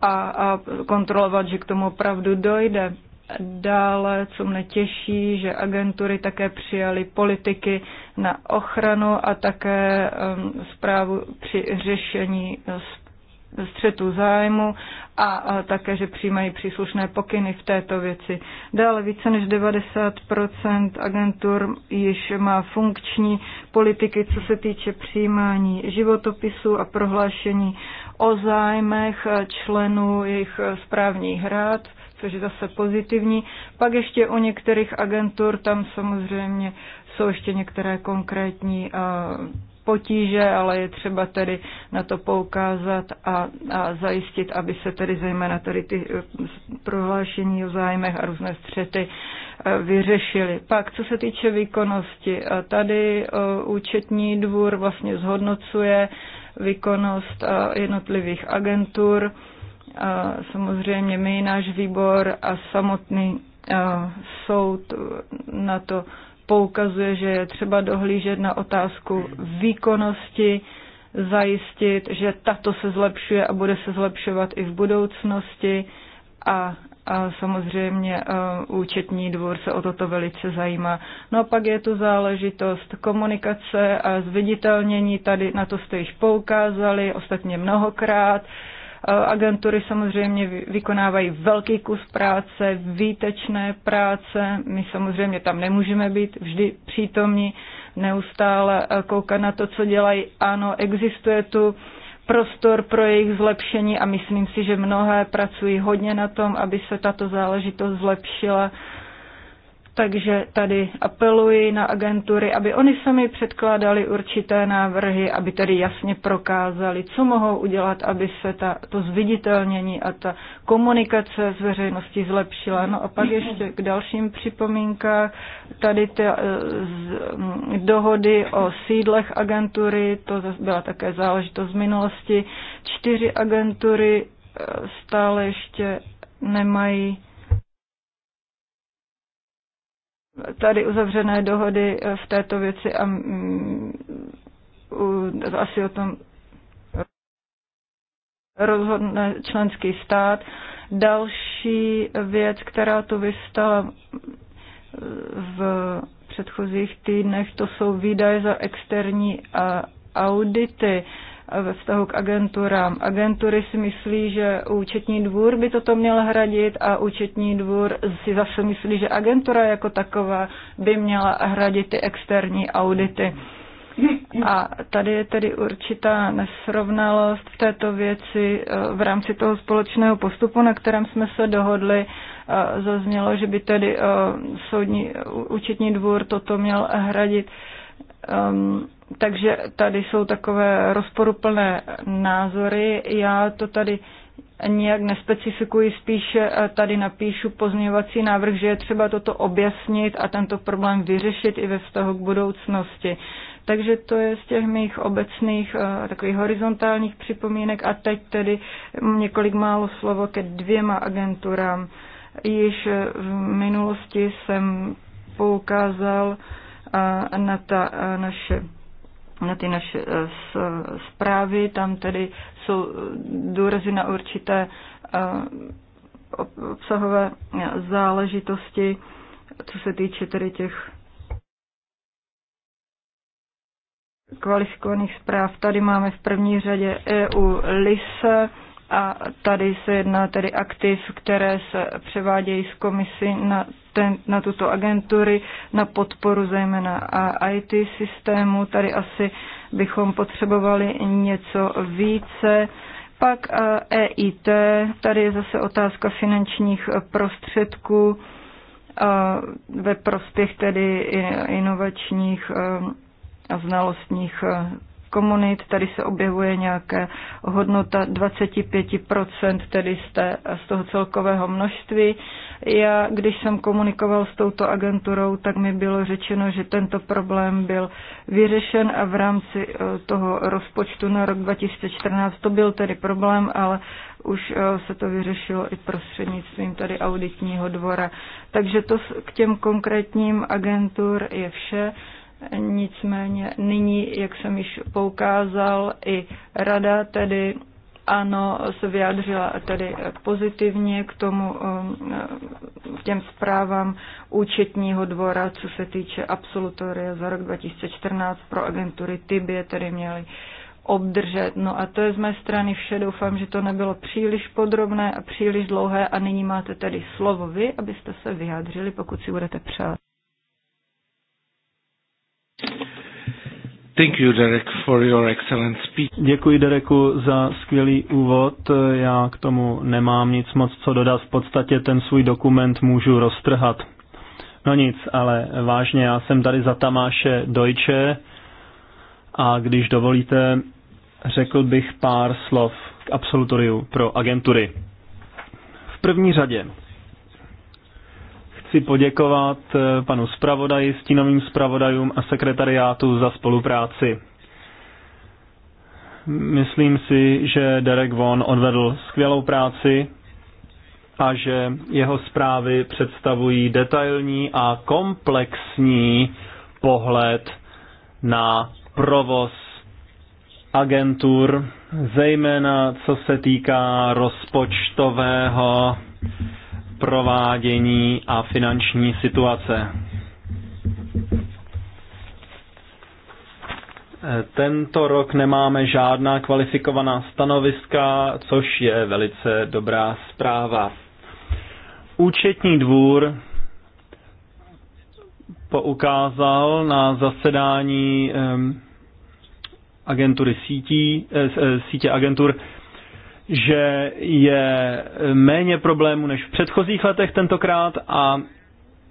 a, a kontrolovat, že k tomu opravdu dojde. Dále, co mne těší, že agentury také přijaly politiky na ochranu a také um, zprávu při řešení uh, střetu zájmu a také, že přijímají příslušné pokyny v této věci. Dále více než 90 agentur již má funkční politiky, co se týče přijímání životopisů a prohlášení o zájmech členů jejich eh, správních rád což je zase pozitivní. Pak ještě o některých agentur, tam samozřejmě jsou ještě některé konkrétní eh, potíže, ale je třeba tedy na to poukázat a, a zajistit, aby se tedy zejména tady ty eh, prohlášení o zájmech a různé střety eh, vyřešili. Pak, co se týče výkonnosti, tady účetní dvůr vlastně zhodnocuje výkonnost jednotlivých agentur samozřejmě my, náš výbor a samotný soud na to poukazuje, že je třeba dohlížet na otázku výkonnosti, zajistit, že tato se zlepšuje a bude se zlepšovat i v budoucnosti a a samozřejmě účetní dvůr se o toto velice zajímá. No a pak je tu záležitost komunikace a zviditelnění, tady na to jste již poukázali, ostatně mnohokrát. Uh, Eh, agentury samozřejmě vykonávají velký kus práce, výtečné práce. My samozřejmě tam nemůžeme být vždy přítomní, neustále eh, koukat na to, co dělají. Ano, existuje tu prostor pro jejich zlepšení a myslím si, že mnohé pracují hodně na tom, aby se tato záležitost zlepšila takže tady apeluji na agentury, aby oni sami předkládali určité návrhy, aby tady jasně prokázali, co mohou udělat, aby se ta, to zviditelnění a ta komunikace s veřejností zlepšila. No a pak ještě k dalším připomínkách. Tady ty eh, z, mm, dohody o sídlech agentury, to byla také záležitost z minulosti. Čtyři agentury eh, stále ještě nemají tady uzavřené dohody eh, v této věci a mm, asi o tom rozhodne členský stát. Další věc, která tu vystala eh, v předchozích týdnech, to jsou výdaje za externí eh, audity ve vztahu k agenturám. Agentury si myslí, že účetní dvůr by toto měl hradit a účetní dvůr si zase myslí, že agentura jako taková by měla hradit ty externí audity. A tady je tedy určitá nesrovnalost v této věci eh, v rámci toho společného postupu, na kterém jsme se dohodli. Eh, zaznělo, že by tedy eh, soudní účetní dvůr toto měl hradit. Ehm, takže tady jsou takové rozporuplné názory. Já to tady nijak nespecifikuji, spíše eh, tady napíšu pozměňovací návrh, že je třeba toto objasnit a tento problém vyřešit i ve vztahu k budoucnosti. Takže to je z těch mých obecných eh, takových horizontálních připomínek a teď tedy několik málo slovo ke dvěma agenturám. Již eh, v minulosti jsem poukázal na ta naše na ty naše eh, zprávy, tam tedy jsou eh, důrazy na určité eh, obsahové záležitosti, co se týče tedy těch kvalifikovaných zpráv. Tady máme v první řadě EU LISE, a tady se jedná tedy aktiv, které se převádějí z komisy na, ten, na tuto agentury, na podporu zejména a IT systému. Tady asi bychom potřebovali něco více. Pak EIT, eh, e tady je zase otázka finančních prostředků eh, ve prospěch tedy inovačních eh, a znalostních komunit, tady se objevuje nějaké hodnota 25%, tedy z, té, z toho celkového množství. Já, když jsem komunikoval s touto agenturou, tak mi bylo řečeno, že tento problém byl vyřešen a v rámci eh, toho rozpočtu na rok 2014 to byl tedy problém, ale už eh, se to vyřešilo i prostřednictvím tady auditního dvora. Takže to k těm konkrétním agentur je vše. Nicméně nyní, jak jsem již poukázal, i rada tedy ano, se vyjádřila tedy pozitivně k tomu, um, k těm zprávám účetního dvora, co se týče absolutoria za rok 2014 pro agentury Tibie, tedy měly obdržet. No a to je z mé strany vše. Doufám, že to nebylo příliš podrobné a příliš dlouhé a nyní máte tedy slovo vy, abyste se vyjádřili, pokud si budete přát. Thank you, Derek, for your excellent speech. Děkuji, Dereku, za skvělý úvod. Já k tomu nemám nic moc co dodat. V podstatě ten svůj dokument můžu roztrhat. No nic, ale vážně, já jsem tady za Tamáše Dojče a když dovolíte, řekl bych pár slov k absolutoriu pro agentury. V první řadě chci poděkovat eh, panu zpravodaji, stínovým zpravodajům a sekretariátu za spolupráci. Myslím si, že Derek Von odvedl skvělou práci a že jeho zprávy představují detailní a komplexní pohled na provoz agentur, zejména co se týká rozpočtového provádění a finanční situace. Tento rok nemáme žádná kvalifikovaná stanoviska, což je velice dobrá zpráva. Účetní dvůr poukázal na zasedání ehm, agentury sítí, eh, eh, sítě agentur že je méně problémů než v předchozích letech tentokrát a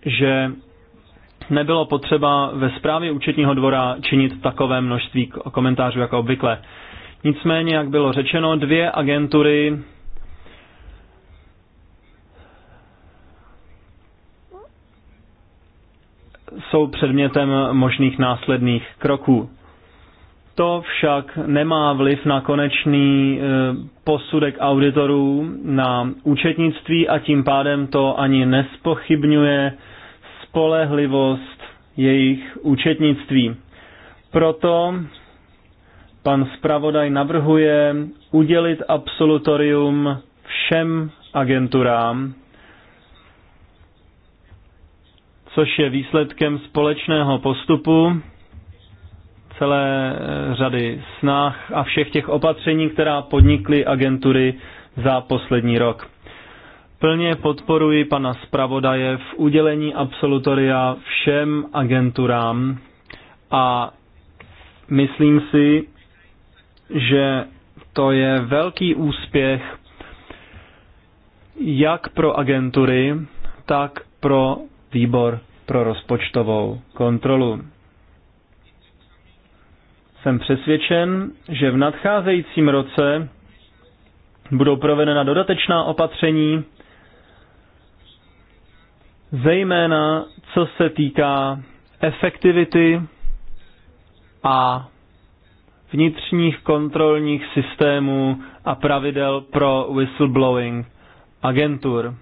že nebylo potřeba ve zprávě účetního dvora činit takové množství komentářů jako obvykle. Nicméně, jak bylo řečeno, dvě agentury jsou předmětem možných následných kroků. To však nemá vliv na konečný eh, posudek auditorů na účetnictví a tím pádem to ani nespochybňuje spolehlivost jejich účetnictví. Proto pan zpravodaj navrhuje udělit absolutorium všem agenturám, což je výsledkem společného postupu, celé eh, řady snah a všech těch opatření, která podnikly agentury za poslední rok. Plně podporuji pana zpravodaje v udělení absolutoria všem agenturám a myslím si, že to je velký úspěch jak pro agentury, tak pro výbor pro rozpočtovou kontrolu. Jsem přesvědčen, že v nadcházejícím roce budou provedena dodatečná opatření, zejména co se týká efektivity a vnitřních kontrolních systémů a pravidel pro whistleblowing agentur.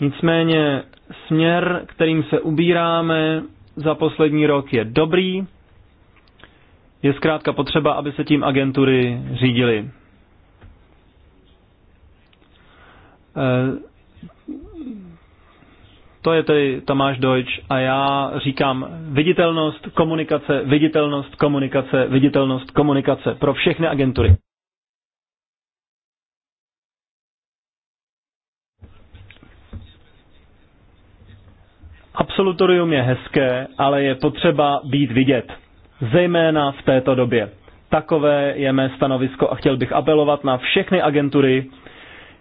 Nicméně směr, kterým se ubíráme za poslední rok, je dobrý je zkrátka potřeba, aby se tím agentury řídily. Eh, to je tedy Tomáš Deutsch a já říkám viditelnost, komunikace, viditelnost, komunikace, viditelnost, komunikace pro všechny agentury. Absolutorium je hezké, ale je potřeba být vidět zejména v této době. Takové je mé stanovisko a chtěl bych apelovat na všechny agentury,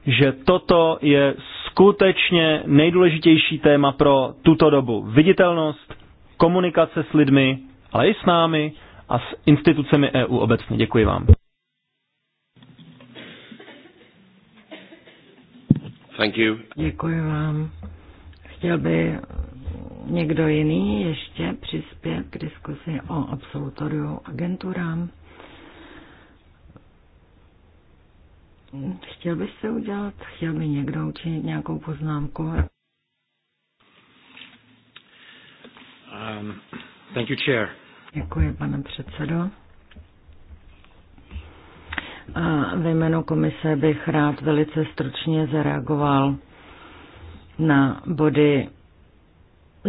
že toto je skutečně nejdůležitější téma pro tuto dobu. Viditelnost, komunikace s lidmi, ale i s námi a s institucemi EU obecně. Děkuji vám. Thank you. Děkuji vám. Chtěl by někdo jiný ještě přispět k diskusi o absolutoriu agenturám? Chtěl bys se udělat, chtěl by někdo učinit nějakou poznámku? Um, thank you, chair. Děkuji, pane předsedo. A ve jménu komise bych rád velice stručně zareagoval na body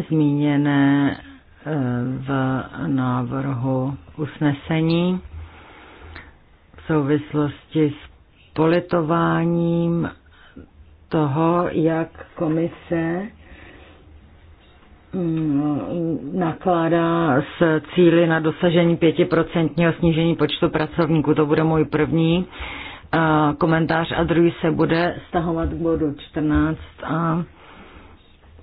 zmíněné eh, v návrhu usnesení v souvislosti s politováním toho, jak komise mm, nakládá s cíly na dosažení 5% snížení počtu pracovníků. To bude můj první eh, komentář a druhý se bude stahovat k bodu 14 a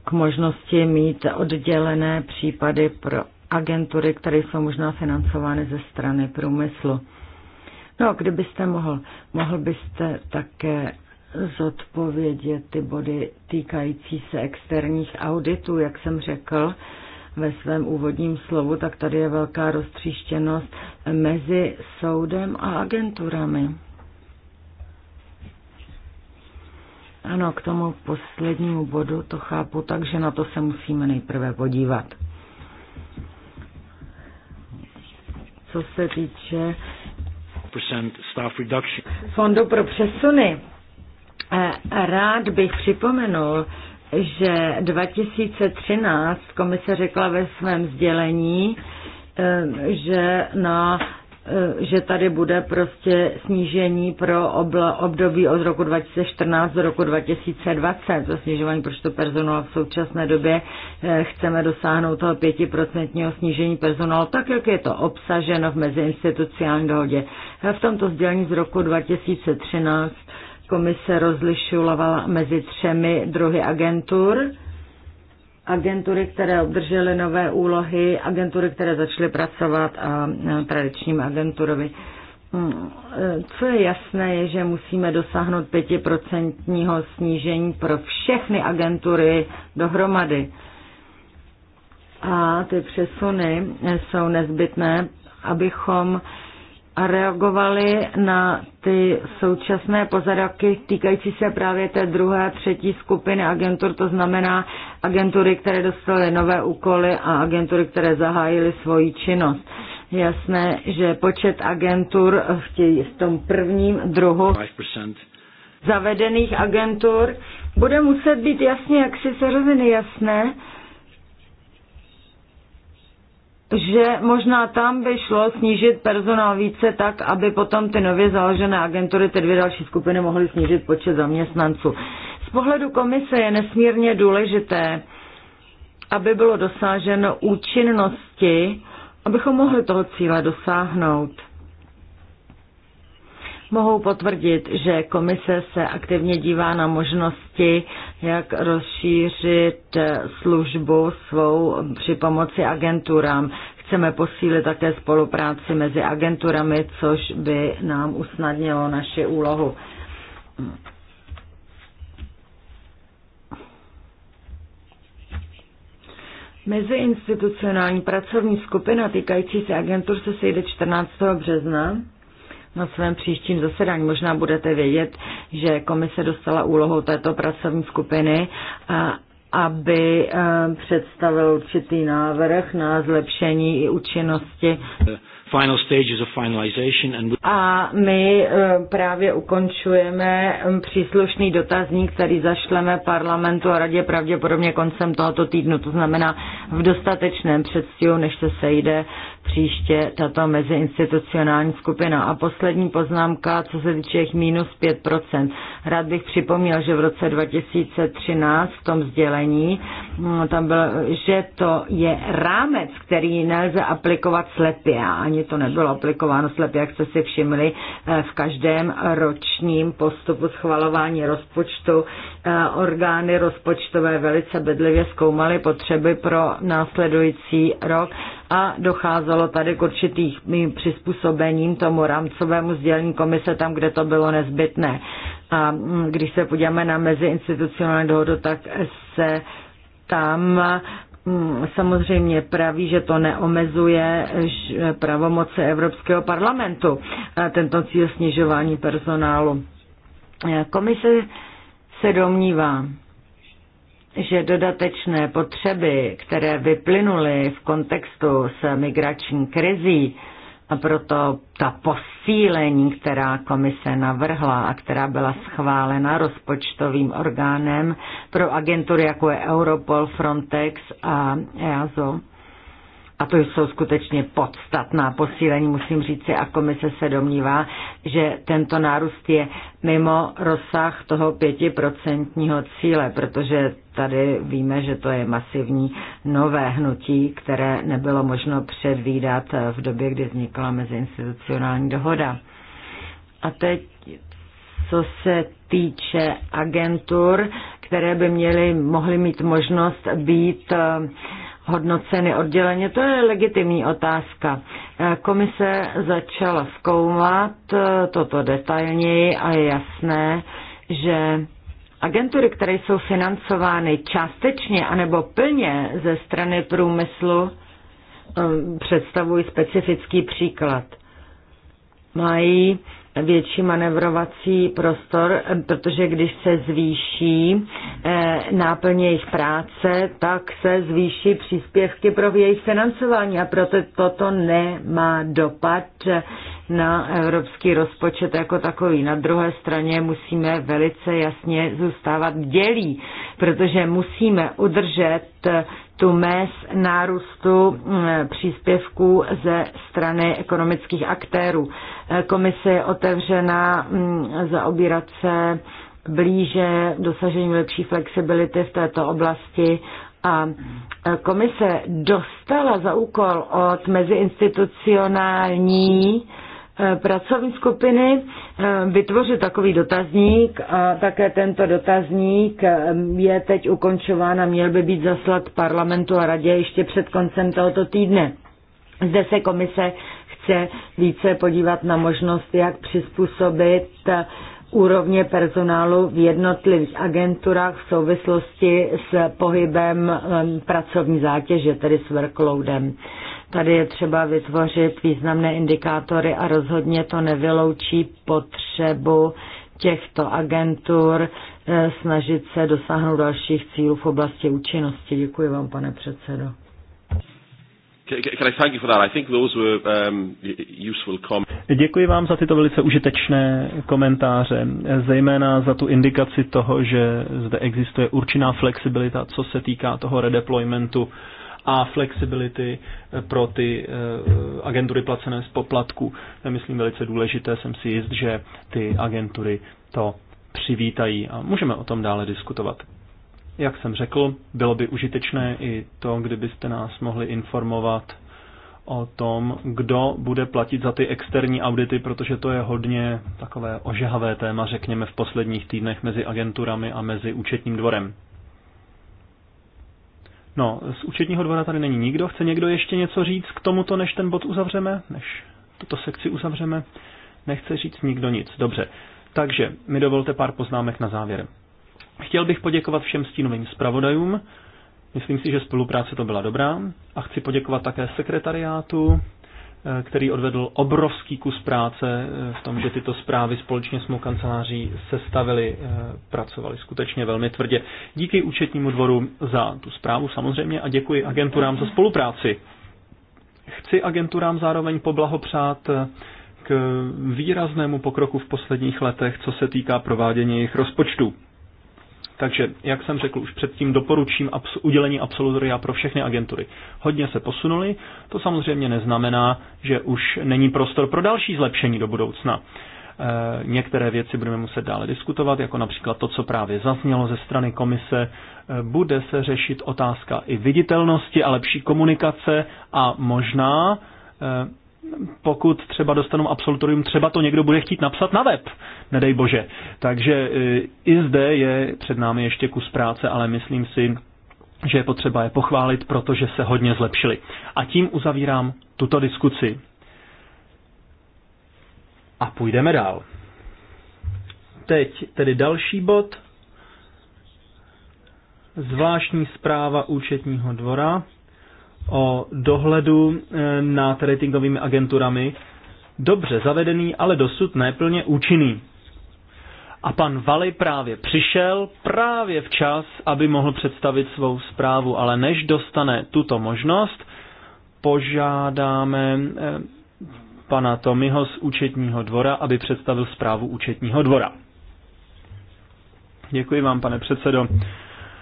k možnosti mít oddělené případy pro agentury, které jsou možná financovány ze strany průmyslu. No, kdybyste mohl, mohl byste také zodpovědět ty body týkající se externích auditů, jak jsem řekl ve svém úvodním slovu, tak tady je velká roztříštěnost mezi soudem a agenturami. Ano, k tomu poslednímu bodu to chápu takže na to se musíme nejprve podívat. Co se týče fondu pro přesuny, eh, rád bych připomenul, že 2013 komise řekla ve svém sdělení, eh, že na Eh, že tady bude prostě snížení pro období od roku 2014 do roku 2020. To snižování počtu personálu v současné době eh, chceme dosáhnout toho 5% snížení personálu, tak jak je to obsaženo v meziinstituciální dohodě. Eh, v tomto sdělení z roku 2013 komise rozlišovala mezi třemi druhy agentur – agentury, které obdržely nové úlohy, agentury, které začaly pracovat a tradičními agenturovi. Hmm, co je jasné, je, že musíme dosáhnout 5% snížení pro všechny agentury dohromady. A ty přesuny jsou nezbytné, abychom reagovali na ty současné požadavky týkající se právě té druhé a třetí skupiny agentur, to znamená agentury, které dostaly nové úkoly a agentury, které zahájily svoji činnost. Jasné, že počet agentur v tom prvním druhu zavedených agentur bude muset být jasně se seřazeny jasné, že možná tam by šlo snížit personál více tak, aby potom ty nově založené agentury, ty dvě další skupiny, mohly snížit počet zaměstnanců. Z pohledu komise je nesmírně důležité, aby bylo dosáženo účinnosti, abychom mohli toho cíle dosáhnout. Mohu potvrdit, že komise se aktivně dívá na možnosti, jak rozšířit službu svou při pomoci agenturám. Chceme posílit také spolupráci mezi agenturami, což by nám usnadnilo naši úlohu. Meziinstitucionální pracovní skupina týkající se agentur se sejde 14. března na svém příštím zasedání. Možná budete vědět, že komise dostala úlohou této pracovní skupiny, aby eh, představil určitý návrh na zlepšení i účinnosti. Final stages of finalization and... A my eh, právě ukončujeme hm, příslušný dotazník, který zašleme parlamentu a radě pravděpodobně koncem tohoto týdnu, to znamená v dostatečném předstihu, než se sejde příště tato meziinstitucionální skupina. A poslední poznámka, co se týče jich minus 5%. Rád bych připomněl, že v roce 2013 v tom sdělení no, tam bylo, že to je rámec, který nelze aplikovat slepě. A ani to nebylo aplikováno slepě, jak jste si všimli, eh, v každém ročním postupu schvalování rozpočtu eh, orgány rozpočtové velice bedlivě zkoumaly potřeby pro následující rok a docházelo docházelo tady k určitým přizpůsobením tomu rámcovému sdělení komise tam, kde to bylo nezbytné. A když se podíváme na meziinstitucionální dohodu, tak se tam mm, samozřejmě praví, že to neomezuje pravomoce Evropského parlamentu, tento cíl snižování personálu. Komise se domnívá, že dodatečné potřeby, které vyplynuly v kontextu s migrační krizí, a proto ta posílení, která komise navrhla a která byla schválena rozpočtovým orgánem pro agentury, jako je Europol, Frontex a EASO, a to jsou skutečně podstatná posílení, musím říci, a komise se domnívá, že tento nárůst je mimo rozsah toho pětiprocentního cíle, protože tady víme, že to je masivní nové hnutí, které nebylo možno předvídat v době, kdy vznikla meziinstitucionální dohoda. A teď, co se týče agentur, které by měly, mohly mít možnost být hodnoceny odděleně? To je legitimní otázka. Eh, komise začala zkoumat eh, toto detailněji a je jasné, že agentury, které jsou financovány částečně anebo plně ze strany průmyslu, eh, představují specifický příklad. Mají větší manevrovací prostor, protože když se zvýší eh, náplně jejich práce, tak se zvýší příspěvky pro jejich financování a proto toto nemá dopad na evropský rozpočet jako takový. Na druhé straně musíme velice jasně zůstávat dělí, protože musíme udržet tu mez nárůstu mm, příspěvků ze strany ekonomických aktérů. Eh, komise je otevřena mm, zaobírat se blíže dosažení lepší flexibility v této oblasti a eh, komise dostala za úkol od meziinstitucionální Eh, pracovní skupiny eh, vytvořit takový dotazník a také tento dotazník eh, je teď ukončován a měl by být zaslat parlamentu a radě ještě před koncem tohoto týdne. Zde se komise chce více podívat na možnost, jak přizpůsobit úrovně personálu v jednotlivých agenturách v souvislosti s pohybem pracovní zátěže, tedy s workloadem. Tady je třeba vytvořit významné indikátory a rozhodně to nevyloučí potřebu těchto agentur eh, snažit se dosáhnout dalších cílů v oblasti účinnosti. Děkuji vám, pane předsedo. Um, Děkuji vám za tyto velice užitečné komentáře, zejména za tu indikaci toho, že zde existuje určitá flexibilita, co se týká toho redeploymentu a flexibility eh, pro ty eh, agentury placené z poplatku. Já myslím, velice důležité. Jsem si jist, že ty agentury to přivítají a můžeme o tom dále diskutovat. Jak jsem řekl, bylo by užitečné i to, kdybyste nás mohli informovat o tom, kdo bude platit za ty externí audity, protože to je hodně takové ožehavé téma, řekněme, v posledních týdnech mezi agenturami a mezi účetním dvorem. No, z účetního dvora tady není nikdo. Chce někdo ještě něco říct k tomuto, než ten bod uzavřeme? Než tuto sekci uzavřeme? Nechce říct nikdo nic. Dobře. Takže mi dovolte pár poznámek na závěr. Chtěl bych poděkovat všem stínovým zpravodajům. Myslím si, že spolupráce to byla dobrá. A chci poděkovat také sekretariátu, Eh, který odvedl obrovský kus práce eh, v tom, že tyto zprávy společně s mou kanceláří sestavili, eh, pracovali skutečně velmi tvrdě. Díky účetnímu dvoru za tu zprávu samozřejmě a děkuji agenturám za spolupráci. Chci agenturám zároveň poblahopřát k výraznému pokroku v posledních letech, co se týká provádění jejich rozpočtu. Takže, jak jsem řekl už předtím, doporučím abs- udělení absolutoria pro všechny agentury. Hodně se posunuli, to samozřejmě neznamená, že už není prostor pro další zlepšení do budoucna. E, některé věci budeme muset dále diskutovat, jako například to, co právě zaznělo ze strany komise. E, bude se řešit otázka i viditelnosti a lepší komunikace a možná e, pokud třeba dostanou absolutorium, třeba to někdo bude chtít napsat na web, nedej bože. Takže eh, i zde je před námi ještě kus práce, ale myslím si, že je potřeba je pochválit, protože se hodně zlepšili. A tím uzavírám tuto diskuci. A půjdeme dál. Teď tedy další bod. Zvláštní zpráva účetního dvora o dohledu eh, nad ratingovými agenturami, dobře zavedený, ale dosud neplně účinný. A pan Vali právě přišel právě včas, aby mohl představit svou zprávu, ale než dostane tuto možnost, požádáme eh, pana Tomiho z účetního dvora, aby představil zprávu účetního dvora. Děkuji vám, pane předsedo.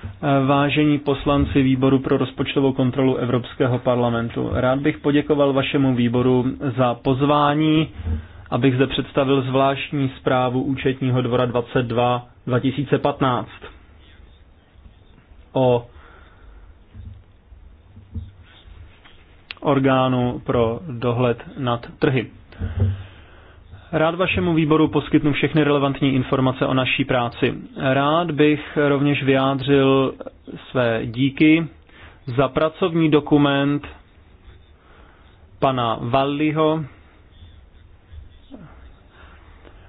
Eh, vážení poslanci výboru pro rozpočtovou kontrolu Evropského parlamentu. Rád bych poděkoval vašemu výboru za pozvání, abych zde představil zvláštní zprávu účetního dvora 22 2015 o orgánu pro dohled nad trhy. Rád vašemu výboru poskytnu všechny relevantní informace o naší práci. Rád bych rovněž vyjádřil své díky za pracovní dokument pana Valliho,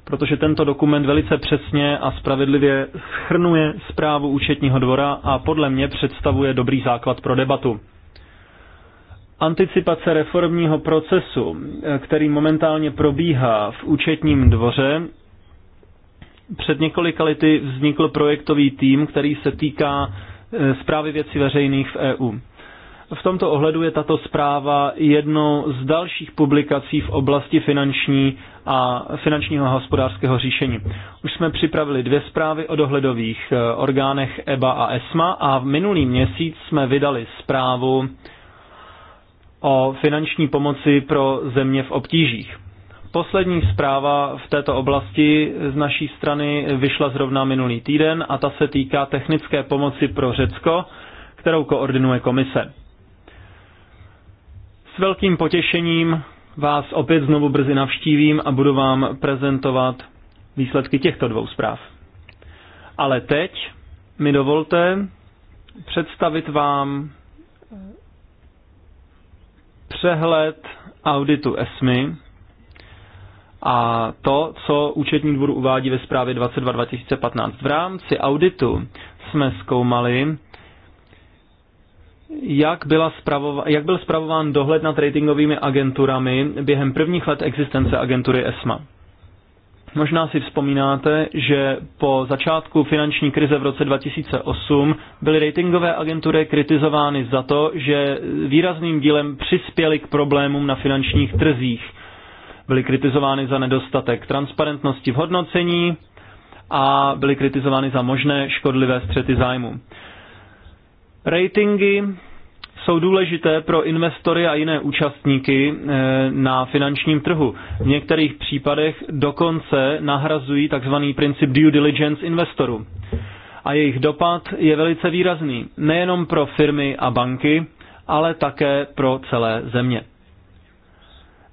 protože tento dokument velice přesně a spravedlivě schrnuje zprávu účetního dvora a podle mě představuje dobrý základ pro debatu. Anticipace reformního procesu, eh, který momentálně probíhá v účetním dvoře, před několika lety vznikl projektový tým, který se týká zprávy eh, věcí veřejných v EU. V tomto ohledu je tato zpráva jednou z dalších publikací v oblasti finanční a finančního a hospodářského řešení. Už jsme připravili dvě zprávy o dohledových eh, orgánech EBA a ESMA a v minulý měsíc jsme vydali zprávu o finanční pomoci pro země v obtížích. Poslední zpráva v této oblasti z naší strany vyšla zrovna minulý týden a ta se týká technické pomoci pro Řecko, kterou koordinuje komise. S velkým potěšením vás opět znovu brzy navštívím a budu vám prezentovat výsledky těchto dvou zpráv. Ale teď mi dovolte představit vám přehled auditu ESMI a to, co účetní dvůr uvádí ve zprávě 22 2015. V rámci auditu jsme zkoumali, jak, byla spravova- jak byl spravován dohled nad ratingovými agenturami během prvních let existence agentury ESMA. Možná si vzpomínáte, že po začátku finanční krize v roce 2008 byly ratingové agentury kritizovány za to, že výrazným dílem přispěly k problémům na finančních trzích. Byly kritizovány za nedostatek transparentnosti v hodnocení a byly kritizovány za možné škodlivé střety zájmu. Ratingy jsou důležité pro investory a jiné účastníky eh, na finančním trhu. V některých případech dokonce nahrazují tzv. princip due diligence investorů. A jejich dopad je velice výrazný, nejenom pro firmy a banky, ale také pro celé země.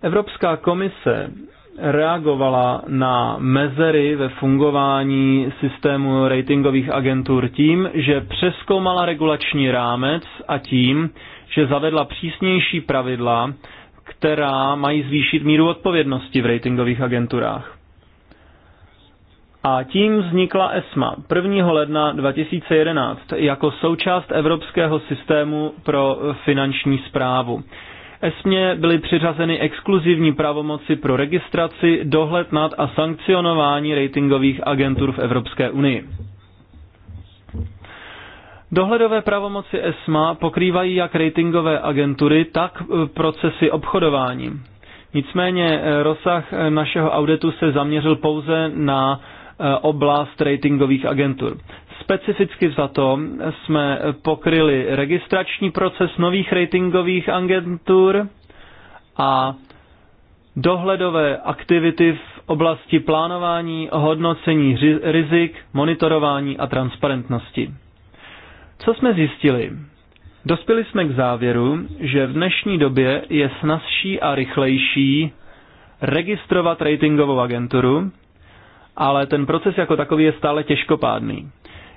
Evropská komise reagovala na mezery ve fungování systému ratingových agentur tím, že přeskoumala regulační rámec a tím, že zavedla přísnější pravidla, která mají zvýšit míru odpovědnosti v ratingových agenturách. A tím vznikla ESMA 1. ledna 2011 jako součást evropského systému pro finanční zprávu. ESMě byly přiřazeny exkluzivní pravomoci pro registraci, dohled nad a sankcionování ratingových agentur v Evropské unii. Dohledové pravomoci ESMA pokrývají jak ratingové agentury, tak eh, procesy obchodování. Nicméně eh, rozsah eh, našeho auditu se zaměřil pouze na oblast ratingových agentur. Specificky za to jsme pokryli registrační proces nových ratingových agentur a dohledové aktivity v oblasti plánování, hodnocení rizik, monitorování a transparentnosti. Co jsme zjistili? Dospěli jsme k závěru, že v dnešní době je snazší a rychlejší registrovat ratingovou agenturu, ale ten proces jako takový je stále těžkopádný.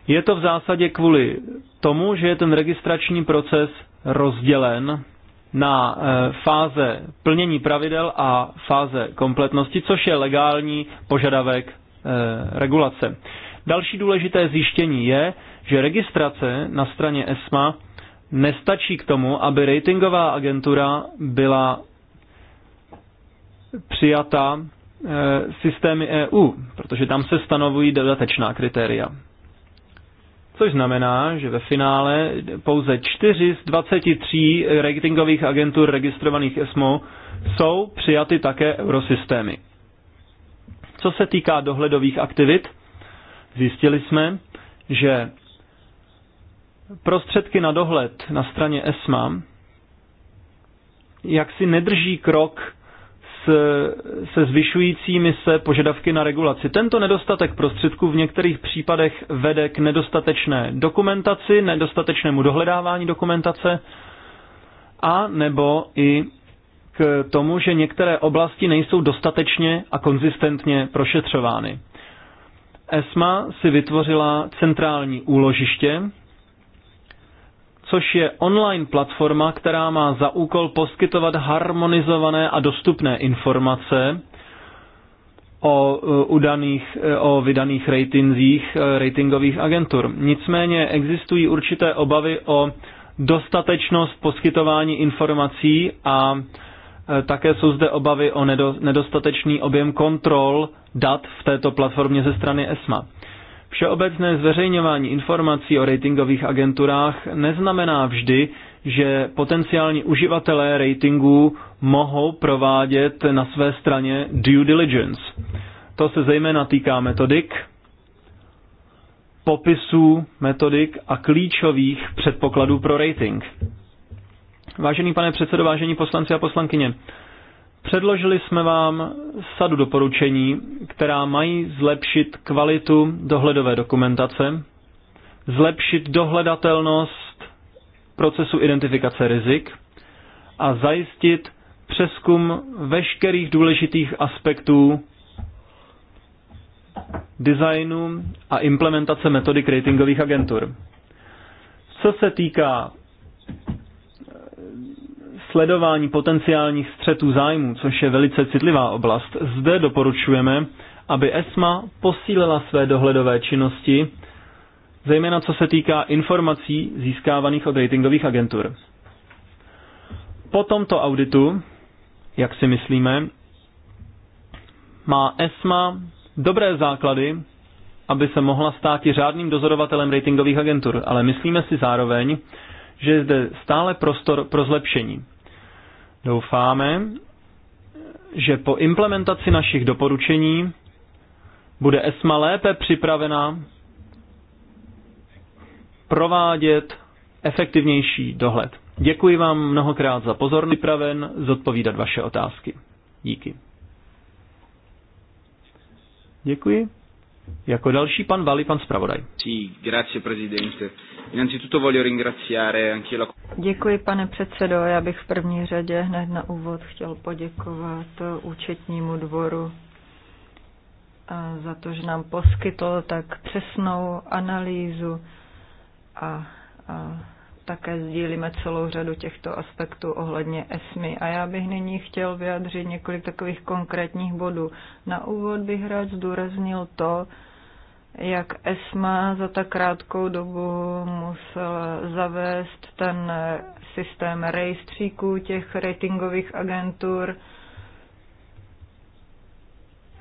Je to v zásadě kvůli tomu, že je ten registrační proces rozdělen na e, fáze plnění pravidel a fáze kompletnosti, což je legální požadavek e, regulace. Další důležité zjištění je, že registrace na straně ESMA nestačí k tomu, aby ratingová agentura byla přijata e, systémy EU, protože tam se stanovují dodatečná kritéria. Což znamená, že ve finále pouze 4 z 23 ratingových agentur registrovaných ESMO jsou přijaty také eurosystémy. Co se týká dohledových aktivit, zjistili jsme, že prostředky na dohled na straně ESMA jaksi nedrží krok se zvyšujícími se požadavky na regulaci. Tento nedostatek prostředků v některých případech vede k nedostatečné dokumentaci, nedostatečnému dohledávání dokumentace a nebo i k tomu, že některé oblasti nejsou dostatečně a konzistentně prošetřovány. ESMA si vytvořila centrální úložiště, což je online platforma, která má za úkol poskytovat harmonizované a dostupné informace o, eh, udaných, eh, o vydaných ratingzích eh, ratingových agentur. Nicméně existují určité obavy o dostatečnost poskytování informací a také jsou zde obavy o nedostatečný objem kontrol dat v této platformě ze strany ESMA. Všeobecné zveřejňování informací o ratingových agenturách neznamená vždy, že potenciální uživatelé ratingů mohou provádět na své straně due diligence. To se zejména týká metodik, popisů, metodik a klíčových předpokladů pro rating. Vážený pane předsedo, vážení poslanci a poslankyně, Předložili jsme vám sadu doporučení, která mají zlepšit kvalitu dohledové dokumentace, zlepšit dohledatelnost procesu identifikace rizik a zajistit přeskum veškerých důležitých aspektů designu a implementace metodik ratingových agentur. Co se týká sledování potenciálních střetů zájmů, což je velice citlivá oblast, zde doporučujeme, aby ESMA posílila své dohledové činnosti, zejména co se týká informací získávaných od ratingových agentur. Po tomto auditu, jak si myslíme, má ESMA dobré základy, aby se mohla stát i řádným dozorovatelem ratingových agentur, ale myslíme si zároveň, že je zde stále prostor pro zlepšení. Doufáme, že po implementaci našich doporučení bude ESMA lépe připravena provádět efektivnější dohled. Děkuji vám mnohokrát za pozornost, připraven zodpovídat vaše otázky. Díky. Děkuji. Jako další pan Vali, pan zpravodaj. Děkuji, pane předsedo. Já bych v první řadě hned na úvod chtěl poděkovat účetnímu dvoru za to, že nám poskytl tak přesnou analýzu a, a také sdílíme celou řadu těchto aspektů ohledně ESMI. A já bych nyní chtěl vyjádřit několik takových konkrétních bodů. Na úvod bych rád zdůraznil to, jak ESMA za tak krátkou dobu musel zavést ten systém rejstříků těch ratingových agentur,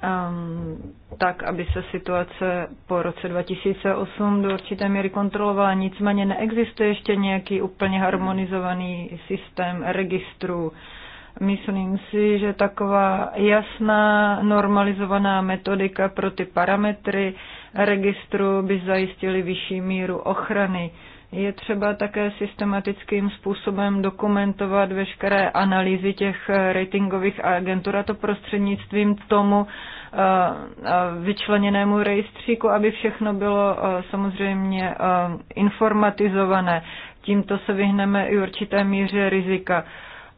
um, tak, aby se situace po roce 2008 do určité míry kontrolovala. Nicméně neexistuje ještě nějaký úplně harmonizovaný systém registru. Myslím si, že taková jasná normalizovaná metodika pro ty parametry registru by zajistily vyšší míru ochrany. Uh, je třeba také systematickým způsobem dokumentovat veškeré analýzy těch ratingových agentur a to prostřednictvím tomu eh, eh, vyčleněnému rejstříku, aby všechno bylo eh, samozřejmě informatizované. Tímto se vyhneme i určité míře rizika.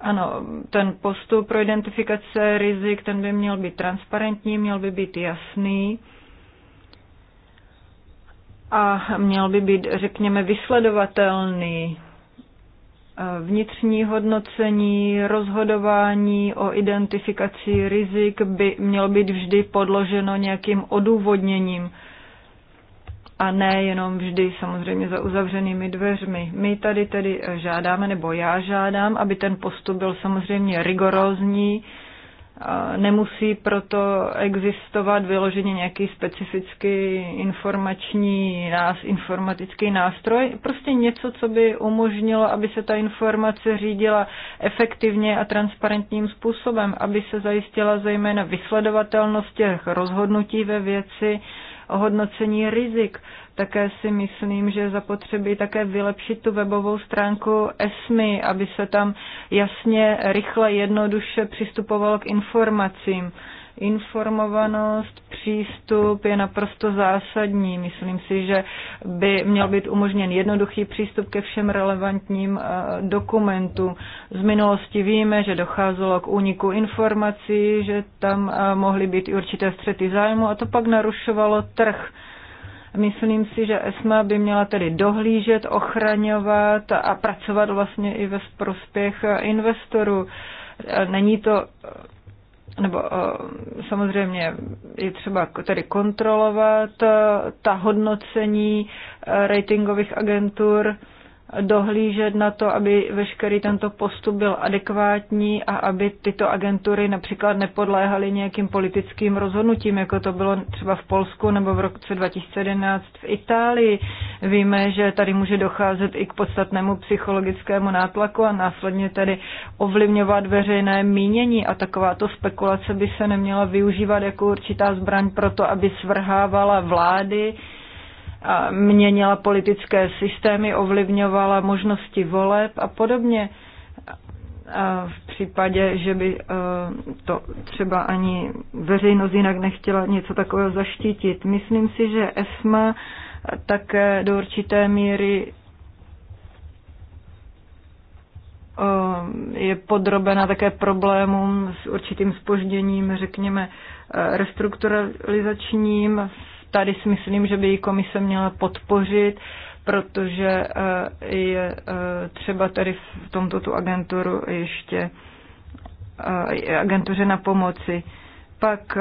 Ano, ten postup pro identifikace rizik, ten by měl být transparentní, měl by být jasný a měl by být, řekněme, vysledovatelný. Eh, vnitřní hodnocení, rozhodování o identifikaci rizik by mělo být vždy podloženo nějakým odůvodněním a ne jenom vždy samozřejmě za uzavřenými dveřmi. My tady tedy žádáme, nebo já žádám, aby ten postup byl samozřejmě rigorózní, Nemusí proto existovat vyloženě nějaký specifický informační nás, informatický nástroj, prostě něco, co by umožnilo, aby se ta informace řídila efektivně a transparentním způsobem, aby se zajistila zejména vysledovatelnost těch rozhodnutí ve věci, hodnocení rizik, také si myslím, že zapotřebí také vylepšit tu webovou stránku ESMI, aby se tam jasně, rychle, jednoduše přistupovalo k informacím. Informovanost, přístup je naprosto zásadní. Myslím si, že by měl být umožněn jednoduchý přístup ke všem relevantním eh, dokumentům. Z minulosti víme, že docházelo k úniku informací, že tam eh, mohly být i určité střety zájmu a to pak narušovalo trh Myslím si, že ESMA by měla tedy dohlížet, ochraňovat a pracovat vlastně i ve prospěch investorů. Není to nebo eh, samozřejmě je třeba tedy kontrolovat ta hodnocení eh, ratingových agentur, dohlížet na to, aby veškerý tento postup byl adekvátní a aby tyto agentury například nepodléhaly nějakým politickým rozhodnutím, jako to bylo třeba v Polsku nebo v roce 2011 v Itálii. Víme, že tady může docházet i k podstatnému psychologickému nátlaku a následně tedy ovlivňovat veřejné mínění a takováto spekulace by se neměla využívat jako určitá zbraň pro to, aby svrhávala vlády, měnila politické systémy, ovlivňovala možnosti voleb a podobně. V případě, že by e, to třeba ani veřejnost jinak nechtěla něco takového zaštítit. Myslím si, že ESMA také do určité míry e, je podrobena také problémům s určitým spožděním, řekněme, e, restrukturalizačním tady si myslím, že by ji komise měla podpořit, protože eh, je eh, třeba tady v tomto tu agenturu ještě eh, agentuře na pomoci. Pak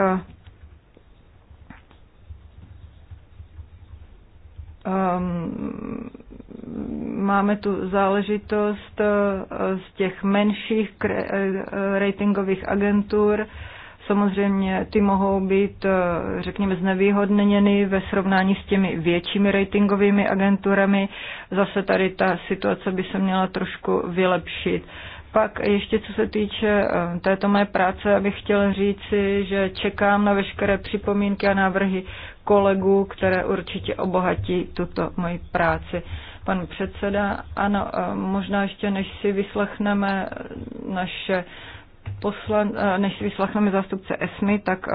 um, máme tu záležitost z těch menších ratingových agentur, Samozřejmě ty mohou být, eh, řekněme, znevýhodněny ve srovnání s těmi většími ratingovými agenturami. Zase tady ta situace by se měla trošku vylepšit. Pak ještě co se týče eh, této mé práce, abych chtěl říci, že čekám na veškeré připomínky a návrhy kolegů, které určitě obohatí tuto moji práci. Pan předseda, ano, eh, možná ještě než si vyslechneme naše poslan, eh, než si vyslechneme zástupce ESMI, tak eh,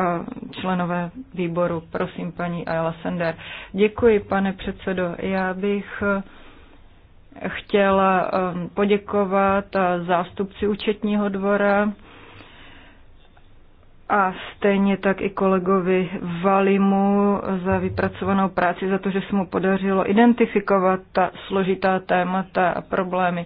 členové výboru, prosím paní Ayala Sender. Děkuji, pane předsedo. Já bych eh, chtěla poděkovat zástupci účetního dvora a stejně tak i kolegovi Valimu za vypracovanou práci, za to, že se mu podařilo identifikovat ta složitá témata a problémy.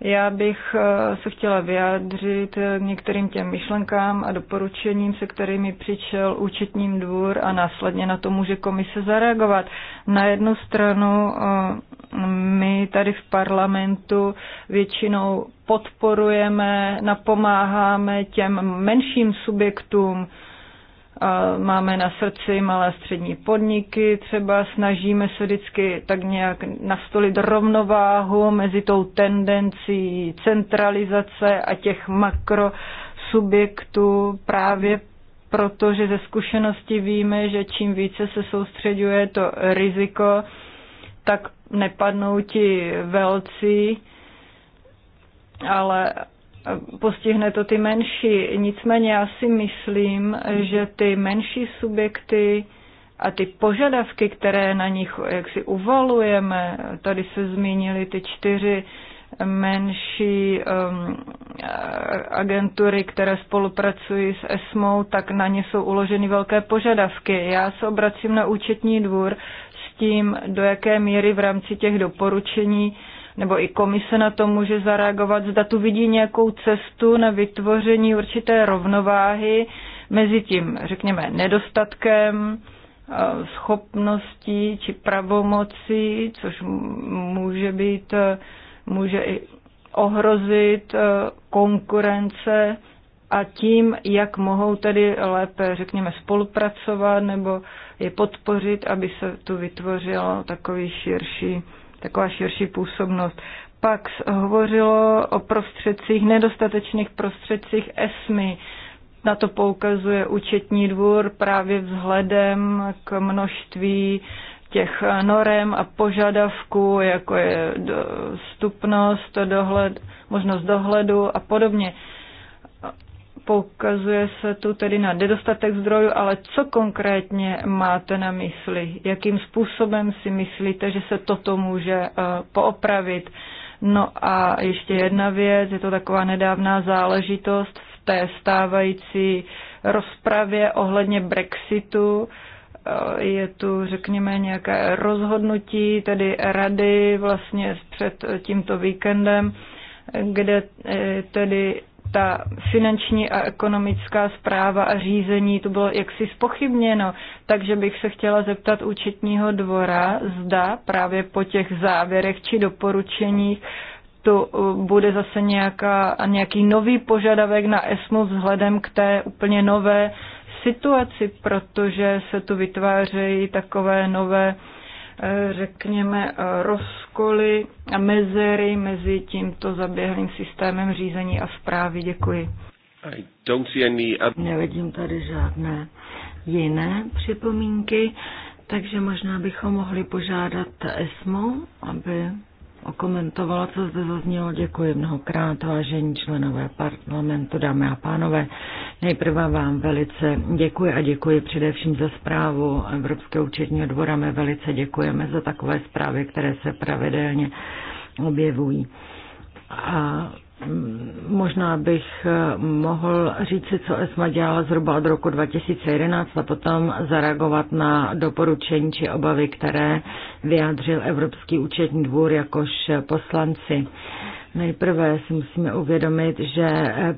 Já bych eh, se chtěla vyjádřit některým těm myšlenkám a doporučením, se kterými přišel účetním dvůr a následně na to může komise zareagovat. Na jednu stranu eh, my tady v parlamentu většinou podporujeme, napomáháme těm menším subjektům, máme na srdci malé střední podniky, třeba snažíme se vždycky tak nějak nastolit rovnováhu mezi tou tendencí centralizace a těch makrosubjektů právě protože ze zkušenosti víme, že čím více se soustředuje to riziko, tak nepadnou ti velcí, ale postihne to ty menší. Nicméně já si myslím, že ty menší subjekty a ty požadavky, které na nich jak si uvalujeme, tady se zmínili ty čtyři menší um, agentury, které spolupracují s ESMO, tak na ně jsou uloženy velké požadavky. Já se obracím na účetní dvůr s tím, do jaké míry v rámci těch doporučení uh, nebo i komise na to může zareagovat, zda tu vidí nějakou cestu na vytvoření určité rovnováhy mezi tím, řekněme, nedostatkem, eh, schopností či pravomocí, což může být, eh, může i ohrozit eh, konkurence a tím, jak mohou tedy lépe, řekněme, spolupracovat nebo je podpořit, aby se tu vytvořil takový širší taková širší působnost. Pak hovořilo o prostředcích, nedostatečných prostředcích ESMI. Na to poukazuje účetní dvůr právě vzhledem k množství těch norem a požadavků, jako je dostupnost, dohled, možnost dohledu a podobně. Poukazuje se tu tedy na nedostatek zdrojů, ale co konkrétně máte na mysli? Jakým způsobem si myslíte, že se toto může eh, poopravit? No a ještě jedna věc, je to taková nedávná záležitost v té stávající rozpravě ohledně Brexitu eh, je tu, řekněme, nějaké rozhodnutí, tedy rady vlastně před tímto víkendem, kde eh, tedy ta finanční a ekonomická zpráva a řízení, to bylo jaksi spochybněno. Takže bych se chtěla zeptat účetního dvora, zda právě po těch závěrech či doporučeních to uh, bude zase nějaká, nějaký nový požadavek na ESMU vzhledem k té úplně nové situaci, protože se tu vytvářejí takové nové řekněme, rozkoly a mezery mezi tímto zaběhlým systémem řízení a zprávy. Děkuji. I don't see any... Nevidím tady žádné jiné připomínky, takže možná bychom mohli požádat ESMO, aby okomentovala, co zde zaznělo. Děkuji mnohokrát, vážení členové parlamentu, dámy a pánové. Nejprve vám velice děkuji a děkuji především za zprávu Evropského účetního dvora. My velice děkujeme za takové zprávy, které se pravidelně objevují. A Možná bych mohl říci, co ESMA dělala zhruba od roku 2011 a potom zareagovat na doporučení či obavy, které vyjádřil Evropský účetní dvůr jakož poslanci. Nejprve si musíme uvědomit, že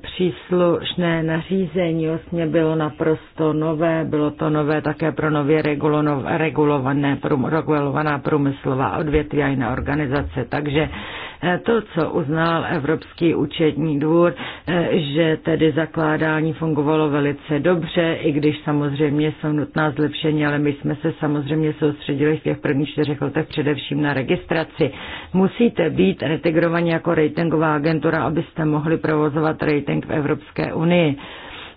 příslušné nařízení vlastně bylo naprosto nové, bylo to nové také pro nově regulované, regulovaná průmyslová odvětví a jiné organizace. Takže eh, to, co uznal Evropský účetní dvůr, eh, že tedy zakládání fungovalo velice dobře, i když samozřejmě jsou nutná zlepšení, ale my jsme se samozřejmě soustředili v těch prvních čtyřech posledních letech především na registraci. Musíte být retegrovaní jako ratingová agentura, abyste mohli provozovat rating v Evropské unii.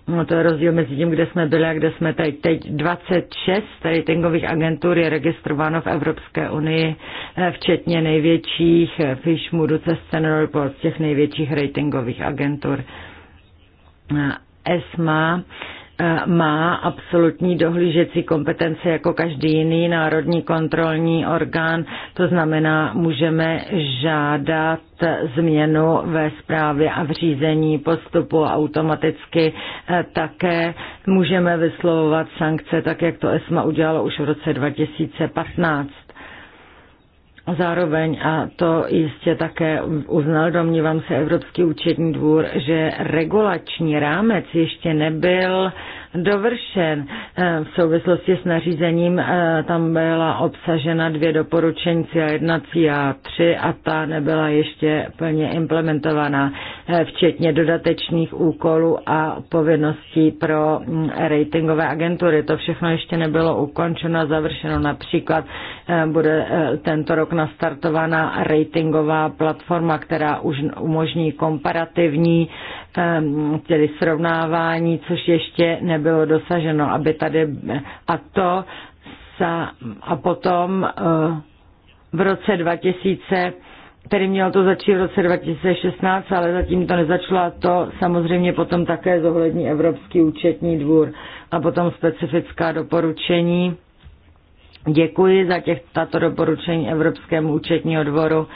No to je rozdíl mezi tím, kde jsme byli a kde jsme teď. Teď 26 ratingových agentur je registrováno v Evropské unii, eh, včetně největších Fish, Moody's, Standard Reports, těch největších ratingových agentur. Eh, ESMA má absolutní dohlížecí kompetence jako každý jiný národní kontrolní orgán. To znamená, můžeme žádat změnu ve správě a v řízení postupu automaticky. E, také můžeme vyslovovat sankce, tak jak to ESMA udělalo už v roce 2015. A zároveň, a to jistě také uznal, domnívám se, Evropský účetní dvůr, že regulační rámec ještě nebyl dovršen. Eh, v souvislosti s nařízením eh, tam byla obsažena dvě doporučení CIA 1 CIA 3 a ta nebyla ještě plně implementovaná, eh, včetně dodatečných úkolů a povinností pro mm, ratingové agentury. To všechno ještě nebylo ukončeno a završeno. Například bude tento rok nastartovaná ratingová platforma, která už umožní komparativní Ehm, tedy srovnávání, což ještě nebylo dosaženo, aby tady a to sa, a potom eh, v roce 2000 který měl to začít v roce 2016, ale zatím to nezačalo a to samozřejmě potom také zohlední Evropský účetní dvůr a potom specifická doporučení. Děkuji za těch, tato doporučení Evropskému účetního dvoru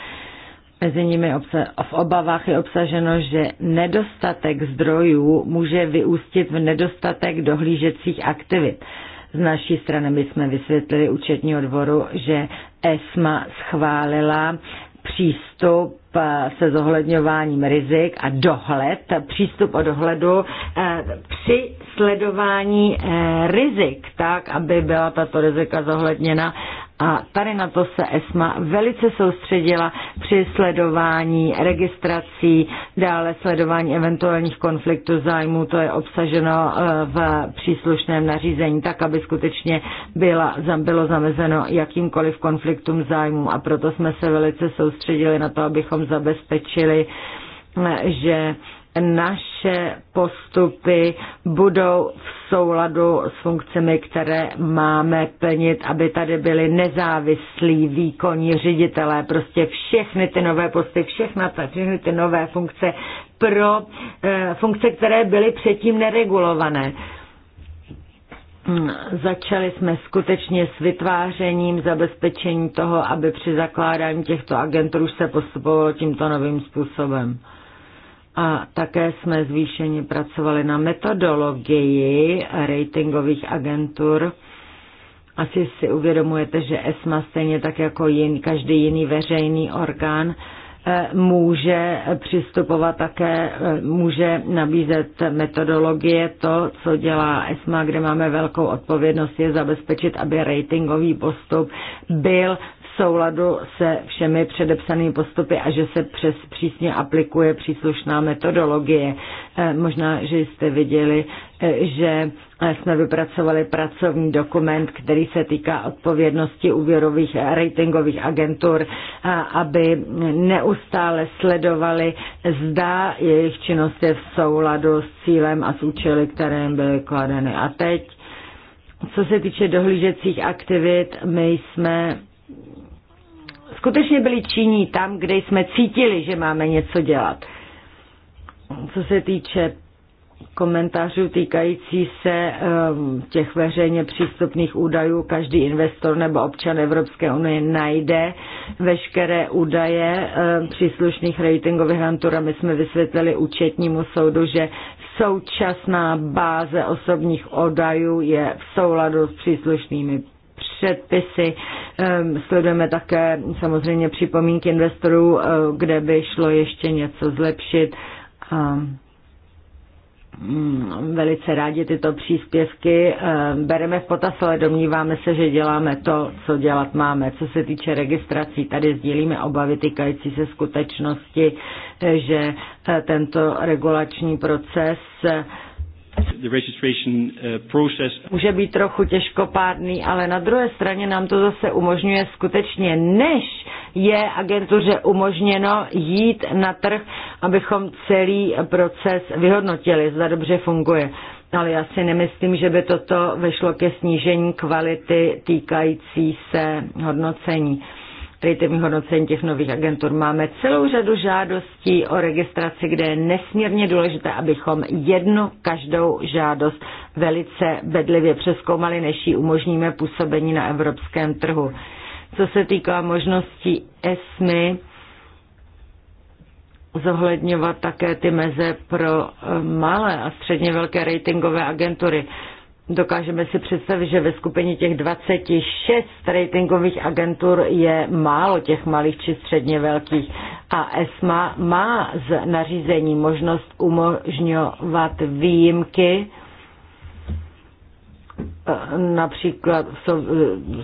Mezi nimi obsa- v obavách je obsaženo, že nedostatek zdrojů může vyústit v nedostatek dohlížecích aktivit. Z naší strany my jsme vysvětlili účetního dvoru, že ESMA schválila přístup eh, se zohledňováním rizik a dohled, přístup o dohledu eh, při sledování eh, rizik, tak, aby byla tato rizika zohledněna a tady na to se ESMA velice soustředila při sledování registrací, dále sledování eventuálních konfliktů zájmů, to je obsaženo eh, v příslušném nařízení, tak aby skutečně byla, bylo zamezeno jakýmkoliv konfliktům zájmů. A proto jsme se velice soustředili na to, abychom zabezpečili eh, že naše postupy budou v souladu s funkcemi, které máme plnit, aby tady byly nezávislí výkonní ředitelé, prostě všechny ty nové posty, všechna ta, všechny ty nové funkce pro eh, funkce, které byly předtím neregulované. Hmm, začali jsme skutečně s vytvářením zabezpečení toho, aby při zakládání těchto agentů už se postupovalo tímto novým způsobem. A také jsme zvýšeně pracovali na metodologii ratingových agentur. Asi si uvědomujete, že ESMA stejně tak jako jin, každý jiný veřejný orgán eh, může přistupovat také, eh, může nabízet metodologie. To, co dělá ESMA, kde máme velkou odpovědnost, je zabezpečit, aby ratingový postup byl souladu se všemi předepsanými postupy a že se přes přísně aplikuje příslušná metodologie. Eh, možná, že jste viděli, eh, že eh, jsme vypracovali pracovní dokument, který se týká odpovědnosti úvěrových ratingových agentur, aby neustále sledovali, zda jejich činnost je v souladu s cílem a s účely, které jim byly kladeny. A teď co se týče dohlížecích aktivit, my jsme skutečně byli činní tam, kde jsme cítili, že máme něco dělat. Co se týče komentářů týkající se um, těch veřejně přístupných údajů. Každý investor nebo občan Evropské unie najde veškeré údaje um, příslušných ratingových hantur a my jsme vysvětlili účetnímu soudu, že současná báze osobních údajů je v souladu s příslušnými předpisy. Ehm, sledujeme také samozřejmě připomínky investorů, eh, kde by šlo ještě něco zlepšit. Mm, velice rádi tyto příspěvky ehm, bereme v potaz, ale domníváme se, že děláme to, co dělat máme. Co se týče registrací, tady sdílíme obavy týkající se skutečnosti, eh, že eh, tento regulační proces Uh, Může být trochu těžkopádný, ale na druhé straně nám to zase umožňuje skutečně, než je agentuře umožněno jít na trh, abychom celý proces vyhodnotili, zda dobře funguje. Ale já si nemyslím, že by toto vešlo ke snížení kvality týkající se hodnocení kreativní hodnocení těch nových agentur. Máme celou řadu žádostí o registraci, kde je nesmírně důležité, abychom jednu každou žádost velice bedlivě přeskoumali, než ji umožníme působení na evropském trhu. Co se týká možností ESMY, zohledňovat také ty meze pro eh, malé a středně velké ratingové agentury. Dokážeme si představit, že ve skupině těch 26 ratingových agentur je málo těch malých či středně velkých a ESMA má z nařízení možnost umožňovat výjimky, například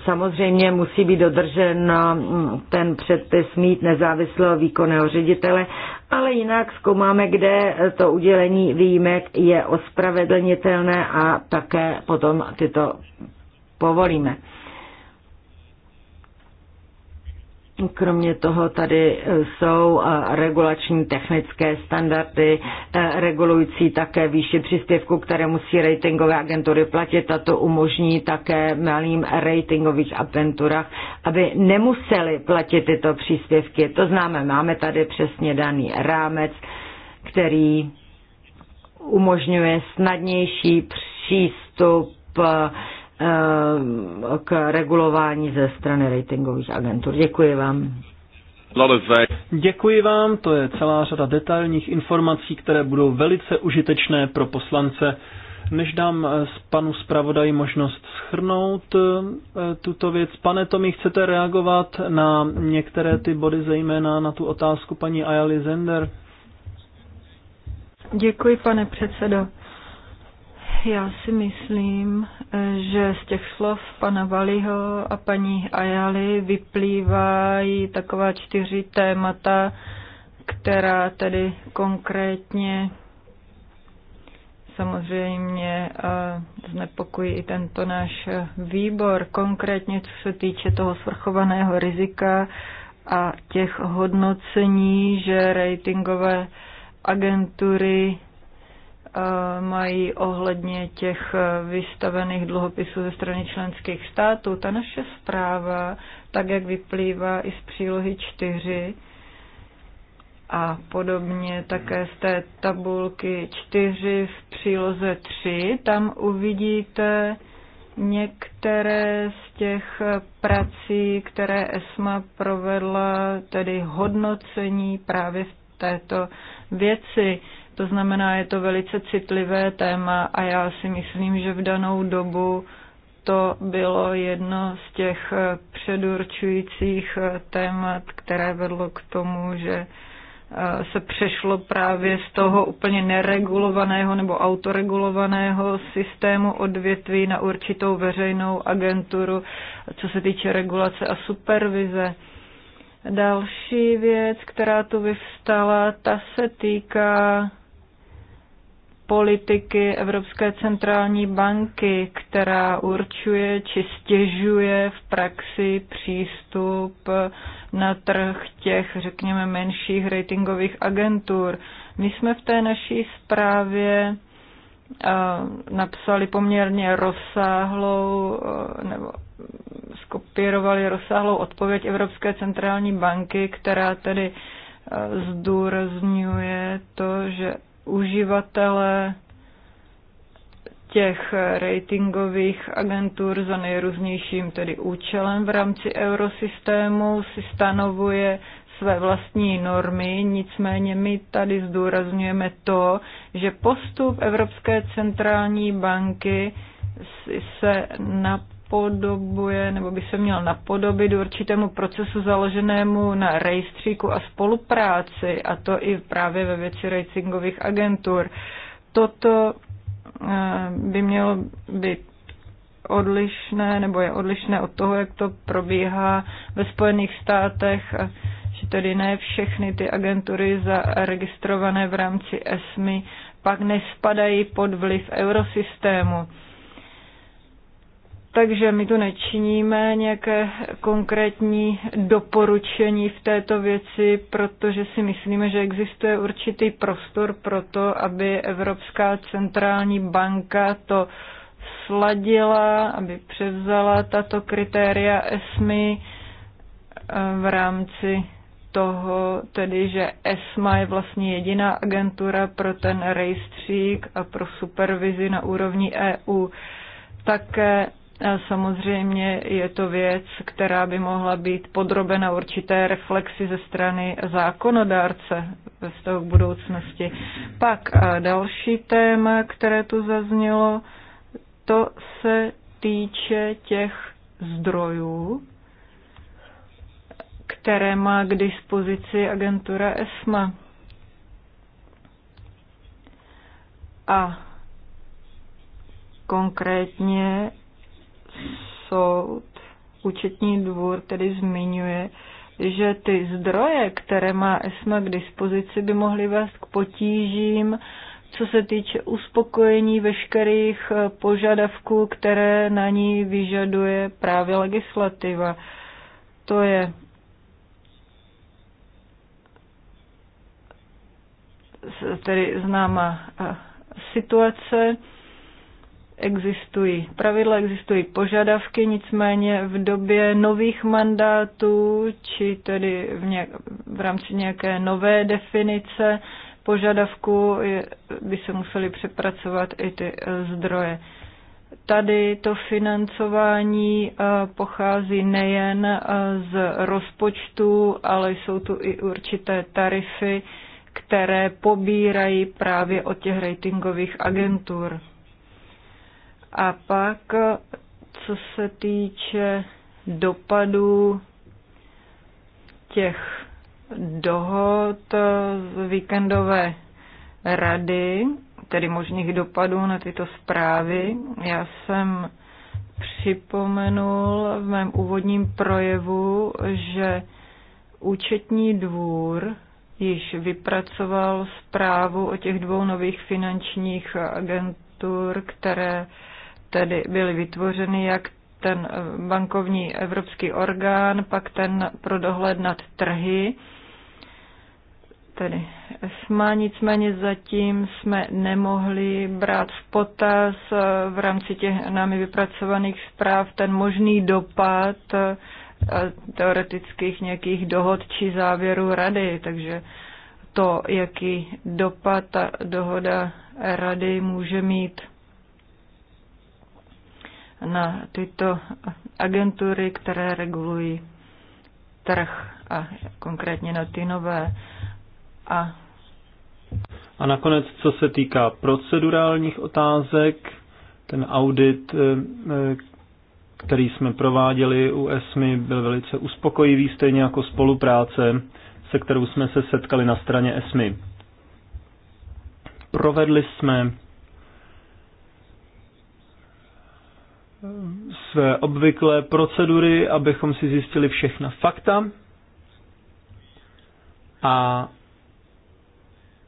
samozřejmě musí být dodržen mm, ten předpis mít nezávislého výkonného ředitele ale jinak zkoumáme, kde to udělení výjimek je ospravedlnitelné a také potom tyto povolíme. Kromě toho tady e, jsou e, regulační technické standardy e, regulující také výši příspěvku, které musí ratingové agentury platit a to umožní také malým ratingových agenturách, aby nemuseli platit tyto příspěvky. To známe, máme tady přesně daný rámec, který umožňuje snadnější přístup Eh, k regulování ze strany ratingových agentur. Děkuji vám. Děkuji vám, to je celá řada detailních informací, které budou velice užitečné pro poslance. Než dám eh, s panu zpravodaji možnost schrnout eh, tuto věc, pane Tomi, chcete reagovat na některé ty body, zejména na tu otázku paní Ayali Zender? Děkuji, pane předsedo. Já si myslím, že z těch slov pana Valiho a paní Ajaly vyplývají taková čtyři témata, která tedy konkrétně samozřejmě eh, znepokojí i tento náš výbor, konkrétně co se týče toho svrchovaného rizika a těch hodnocení, že ratingové agentury mají ohledně těch e, vystavených dluhopisů ze strany členských států. Ta naše zpráva, tak jak vyplývá i z přílohy 4 a podobně také z té tabulky 4 v příloze 3, tam uvidíte některé z těch prací, které ESMA provedla, tedy hodnocení právě v této věci to znamená, je to velice citlivé téma a já si myslím, že v danou dobu to bylo jedno z těch předurčujících témat, které vedlo k tomu, že eh, se přešlo právě z toho úplně neregulovaného nebo autoregulovaného systému odvětví na určitou veřejnou agenturu, co se týče regulace a supervize. Další věc, která tu vyvstala, ta se týká politiky Evropské centrální banky, která určuje či stěžuje v praxi přístup na trh těch, řekněme, menších ratingových agentur. My jsme v té naší zprávě eh, napsali poměrně rozsáhlou, eh, nebo skopírovali rozsáhlou odpověď Evropské centrální banky, která tedy eh, zdůrazňuje to, že uživatele těch ratingových agentur za nejrůznějším tedy účelem v rámci eurosystému si stanovuje své vlastní normy, nicméně my tady zdůrazňujeme to, že postup Evropské centrální banky se na napodobuje nebo by se měl napodobit určitému procesu založenému na rejstříku a spolupráci, a to i právě ve věci ratingových agentur. Toto eh, by mělo být odlišné, nebo je odlišné od toho, jak to probíhá ve Spojených státech, že tedy ne všechny ty agentury zaregistrované v rámci ESMI pak nespadají pod vliv eurosystému. Takže my tu nečiníme nějaké konkrétní doporučení v této věci, protože si myslíme, že existuje určitý prostor pro to, aby Evropská centrální banka to sladila, aby převzala tato kritéria ESMI eh, v rámci toho, tedy, že ESMA je vlastně jediná agentura pro ten rejstřík a pro supervizi na úrovni EU. Také Samozřejmě je to věc, která by mohla být podrobena určité reflexi ze strany zákonodárce ve vztahu k budoucnosti. Pak další téma, které tu zaznělo, to se týče těch zdrojů, které má k dispozici agentura ESMA. A konkrétně soud, účetní dvůr tedy zmiňuje, že ty zdroje, které má ESMA k dispozici, by mohly vést k potížím, co se týče uspokojení veškerých eh, požadavků, které na ní vyžaduje právě legislativa. To je tedy známá eh, situace existují. Pravidla existují požadavky, nicméně v době nových mandátů, či tedy v, nějak, v rámci nějaké nové definice požadavku je, by se museli přepracovat i ty eh, zdroje. Tady to financování eh, pochází nejen eh, z rozpočtu, ale jsou tu i určité tarify, které pobírají právě od těch ratingových agentur. A pak, co se týče dopadů těch dohod z víkendové rady, tedy možných dopadů na tyto zprávy, já jsem připomenul v mém úvodním projevu, že účetní dvůr již vypracoval zprávu o těch dvou nových finančních agentur, které tedy byly vytvořeny jak ten eh, bankovní evropský orgán, pak ten pro dohled nad trhy, tedy ESMA, nicméně zatím jsme nemohli brát v potaz eh, v rámci těch námi vypracovaných zpráv ten možný dopad eh, teoretických nějakých dohod či závěrů rady, takže to, jaký dopad ta dohoda rady může mít na tyto agentury, které regulují trh a konkrétně na ty nové. A, a nakonec, co se týká procedurálních otázek, ten audit, eh, eh, který jsme prováděli u ESMI, byl velice uspokojivý, stejně jako spolupráce, se kterou jsme se setkali na straně ESMI. Provedli jsme své obvyklé procedury, abychom si zjistili všechna fakta a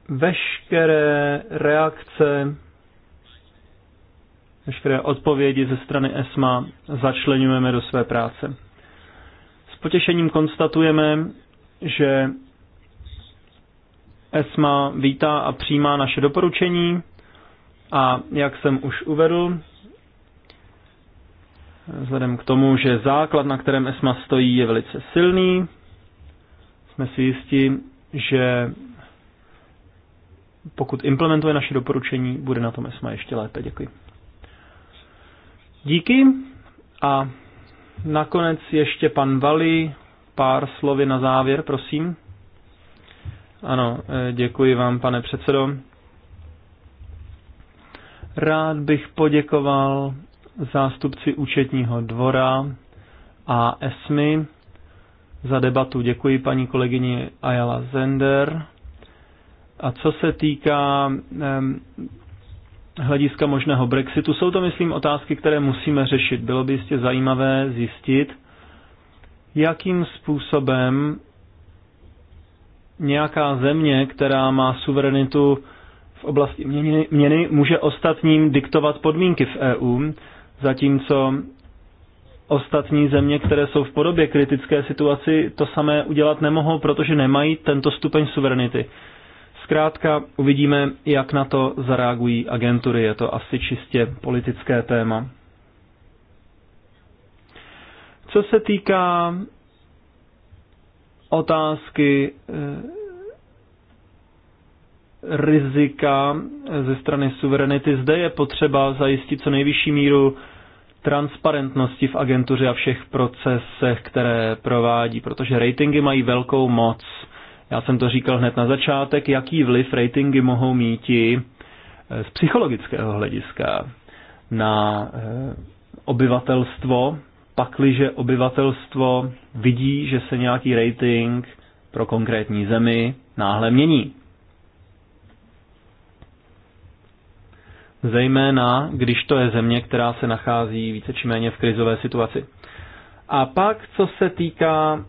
veškeré reakce, veškeré odpovědi ze strany ESMA začlenujeme do své práce. S potěšením konstatujeme, že ESMA vítá a přijímá naše doporučení a jak jsem už uvedl, Vzhledem k tomu, že základ, na kterém ESMA stojí, je velice silný, jsme si jistí, že pokud implementuje naše doporučení, bude na tom ESMA ještě lépe. Děkuji. Díky a nakonec ještě pan Vali, pár slovy na závěr, prosím. Ano, eh, děkuji vám, pane předsedo. Rád bych poděkoval zástupci účetního dvora a ESMI za debatu. Děkuji paní kolegyni Ayala Zender. A co se týká hlediska možného Brexitu, jsou to, myslím, otázky, které musíme řešit. Bylo by jistě zajímavé zjistit, jakým způsobem nějaká země, která má suverenitu v oblasti měny, měny může ostatním diktovat podmínky v EU, zatímco ostatní země, které jsou v podobě kritické situaci, to samé udělat nemohou, protože nemají tento stupeň suverenity. Zkrátka uvidíme, jak na to zareagují agentury. Je to asi čistě politické téma. Co se týká otázky eh, rizika ze strany suverenity, zde je potřeba zajistit co nejvyšší míru transparentnosti v agentuře a všech procesech, které provádí, protože ratingy mají velkou moc. Já jsem to říkal hned na začátek, jaký vliv ratingy mohou mít eh, z psychologického hlediska na eh, obyvatelstvo, pakliže obyvatelstvo vidí, že se nějaký rating pro konkrétní zemi náhle mění. zejména když to je země, která se nachází více či méně v krizové situaci. A pak, co se týká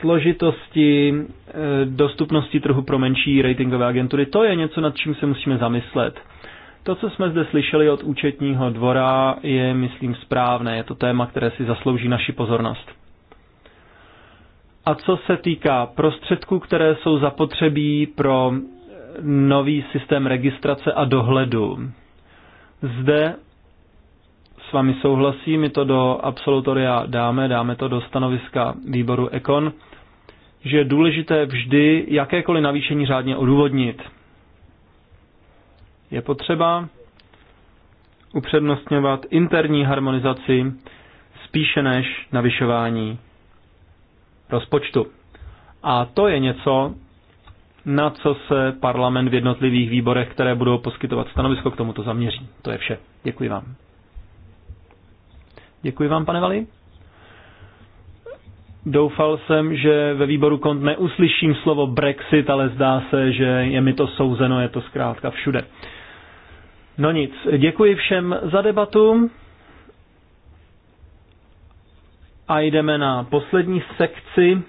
složitosti, eh, dostupnosti trhu pro menší ratingové agentury, to je něco, nad čím se musíme zamyslet. To, co jsme zde slyšeli od účetního dvora, je, myslím, správné. Je to téma, které si zaslouží naši pozornost. A co se týká prostředků, které jsou zapotřebí pro nový systém registrace a dohledu. Zde s vámi souhlasím, my to do absolutoria dáme, dáme to do stanoviska výboru Ekon, že je důležité vždy jakékoliv navýšení řádně odůvodnit. Je potřeba upřednostňovat interní harmonizaci spíše než navyšování rozpočtu. A to je něco, na co se parlament v jednotlivých výborech, které budou poskytovat stanovisko, k tomuto zaměří. To je vše. Děkuji vám. Děkuji vám, pane Vali. Doufal jsem, že ve výboru kont neuslyším slovo Brexit, ale zdá se, že je mi to souzeno, je to zkrátka všude. No nic, děkuji všem za debatu. A jdeme na poslední sekci.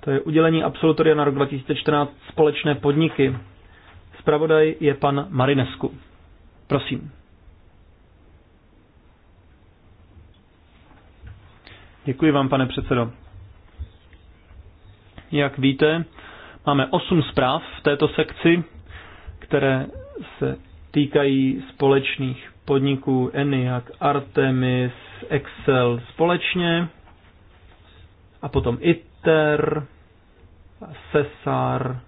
To je udělení absolutoria na rok 2014 společné podniky. Spravodaj je pan Marinesku. Prosím. Děkuji vám, pane předsedo. Jak víte, máme osm zpráv v této sekci, které se týkají společných podniků ENIAC, Artemis, Excel společně a potom IT, Ter, Cesar,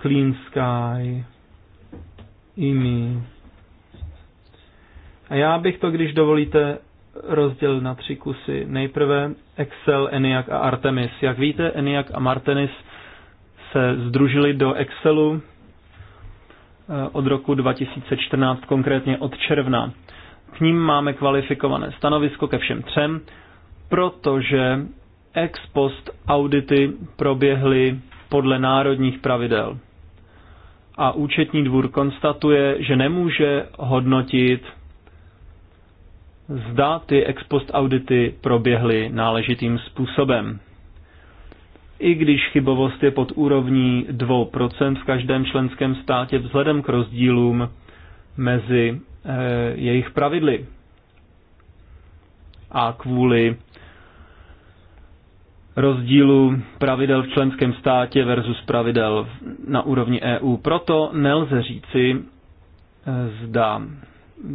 Clean Sky, IMI. A já bych to, když dovolíte, rozdělil na tři kusy. Nejprve Excel, Eniak a Artemis. Jak víte, Eniak a Martenis se združili do Excelu eh, od roku 2014, konkrétně od června. K ním máme kvalifikované stanovisko ke všem třem, protože ex post audity proběhly podle národních pravidel. A účetní dvůr konstatuje, že nemůže hodnotit, zda ty ex post audity proběhly náležitým způsobem. I když chybovost je pod úrovní 2% v každém členském státě vzhledem k rozdílům mezi e, jejich pravidly a kvůli rozdílu pravidel v členském státě versus pravidel na úrovni EU. Proto nelze říci, eh, zda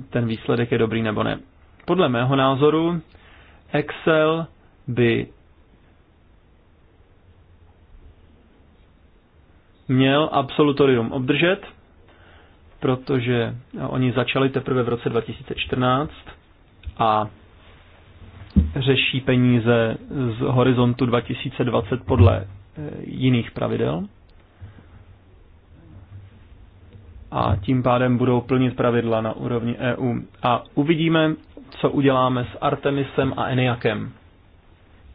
ten výsledek je dobrý nebo ne. Podle mého názoru Excel by měl absolutorium obdržet, protože oni začali teprve v roce 2014 a řeší peníze z horizontu 2020 podle eh, jiných pravidel. A tím pádem budou plnit pravidla na úrovni EU. A uvidíme, co uděláme s Artemisem a Eniakem.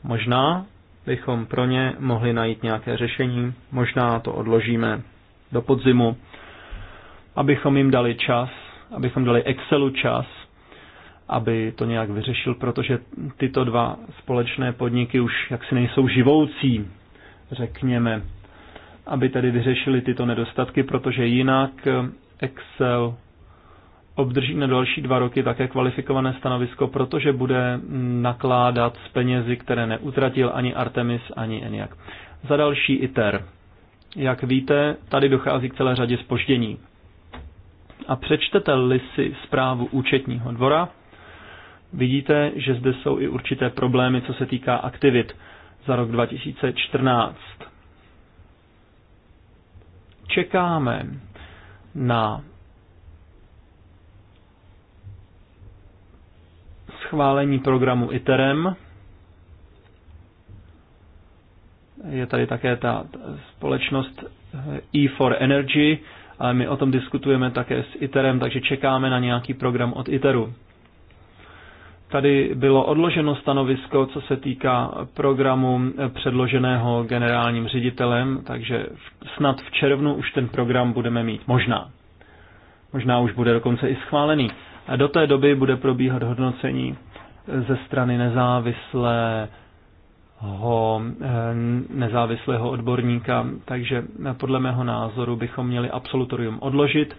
Možná bychom pro ně mohli najít nějaké řešení, možná to odložíme do podzimu, abychom jim dali čas, abychom dali Excelu čas, aby to nějak vyřešil, protože tyto dva společné podniky už jaksi nejsou živoucí, řekněme, aby tedy vyřešili tyto nedostatky, protože jinak eh, Excel obdrží na další dva roky také kvalifikované stanovisko, protože bude nakládat s penězi, které neutratil ani Artemis, ani ENIAC. Za další ITER. Jak víte, tady dochází k celé řadě spoždění. A přečtete-li si zprávu účetního dvora, Vidíte, že zde jsou i určité problémy, co se týká aktivit za rok 2014. Čekáme na schválení programu ITEREM. Je tady také ta společnost E4 Energy, ale my o tom diskutujeme také s ITERem, takže čekáme na nějaký program od ITERu. Tady bylo odloženo stanovisko, co se týká programu předloženého generálním ředitelem, takže snad v červnu už ten program budeme mít. Možná. Možná už bude dokonce i schválený. A do té doby bude probíhat hodnocení ze strany nezávislého eh, nezávislého odborníka, takže podle mého názoru bychom měli absolutorium odložit,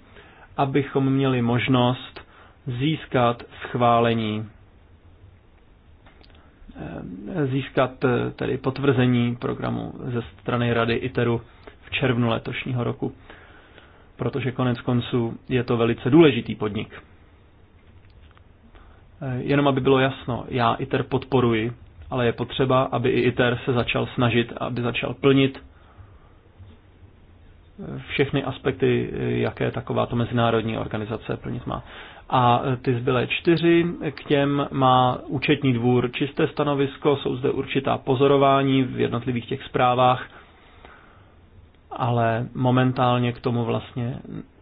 abychom měli možnost získat schválení Eh, získat eh, tedy potvrzení programu ze strany Rady ITERu v červnu letošního roku, protože konec konců je to velice důležitý podnik. Eh, jenom aby bylo jasno, já ITER podporuji, ale je potřeba, aby i ITER se začal snažit, aby začal plnit všechny aspekty, jaké takováto mezinárodní organizace plnit má a ty zbylé čtyři, k těm má účetní dvůr čisté stanovisko, jsou zde určitá pozorování v jednotlivých těch zprávách, ale momentálně k tomu vlastně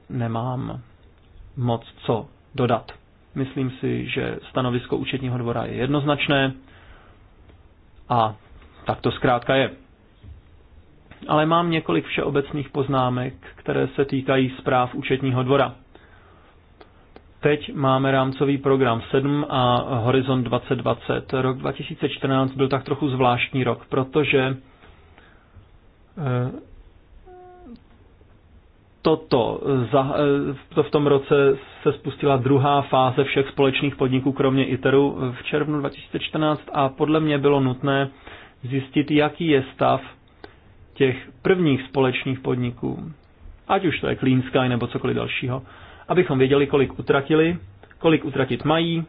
nemám moc co dodat. Myslím si, že stanovisko účetního dvora je jednoznačné a tak to zkrátka je. Ale mám několik všeobecných poznámek, které se týkají zpráv účetního dvora. Teď máme rámcový program 7 a Horizont 2020. Rok 2014 byl tak trochu zvláštní rok, protože eh, toto, eh, to v tom roce se spustila druhá fáze všech společných podniků, kromě ITERu, v červnu 2014 a podle mě bylo nutné zjistit, jaký je stav těch prvních společných podniků. Ať už to je Clean Sky nebo cokoliv dalšího abychom věděli, kolik utratili, kolik utratit mají,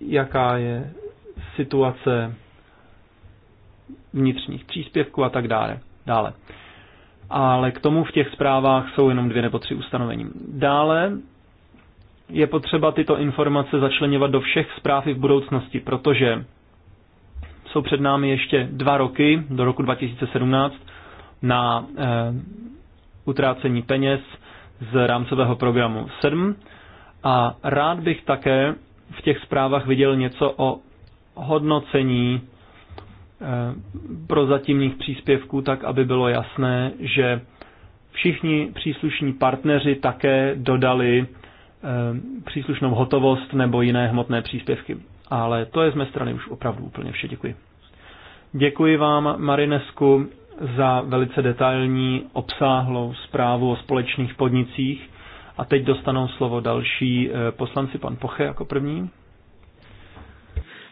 jaká je situace vnitřních příspěvků a tak dále. dále. Ale k tomu v těch zprávách jsou jenom dvě nebo tři ustanovení. Dále je potřeba tyto informace začleněvat do všech zpráv i v budoucnosti, protože jsou před námi ještě dva roky, do roku 2017, na e, utrácení peněz z rámcového programu 7 a rád bych také v těch zprávách viděl něco o hodnocení eh, prozatímních příspěvků, tak aby bylo jasné, že všichni příslušní partneři také dodali eh, příslušnou hotovost nebo jiné hmotné příspěvky. Ale to je z mé strany už opravdu úplně vše. Děkuji. Děkuji vám, Marinesku za velice detailní, obsáhlou zprávu o společných podnicích. A teď dostanou slovo další eh, poslanci, pan Poche jako první.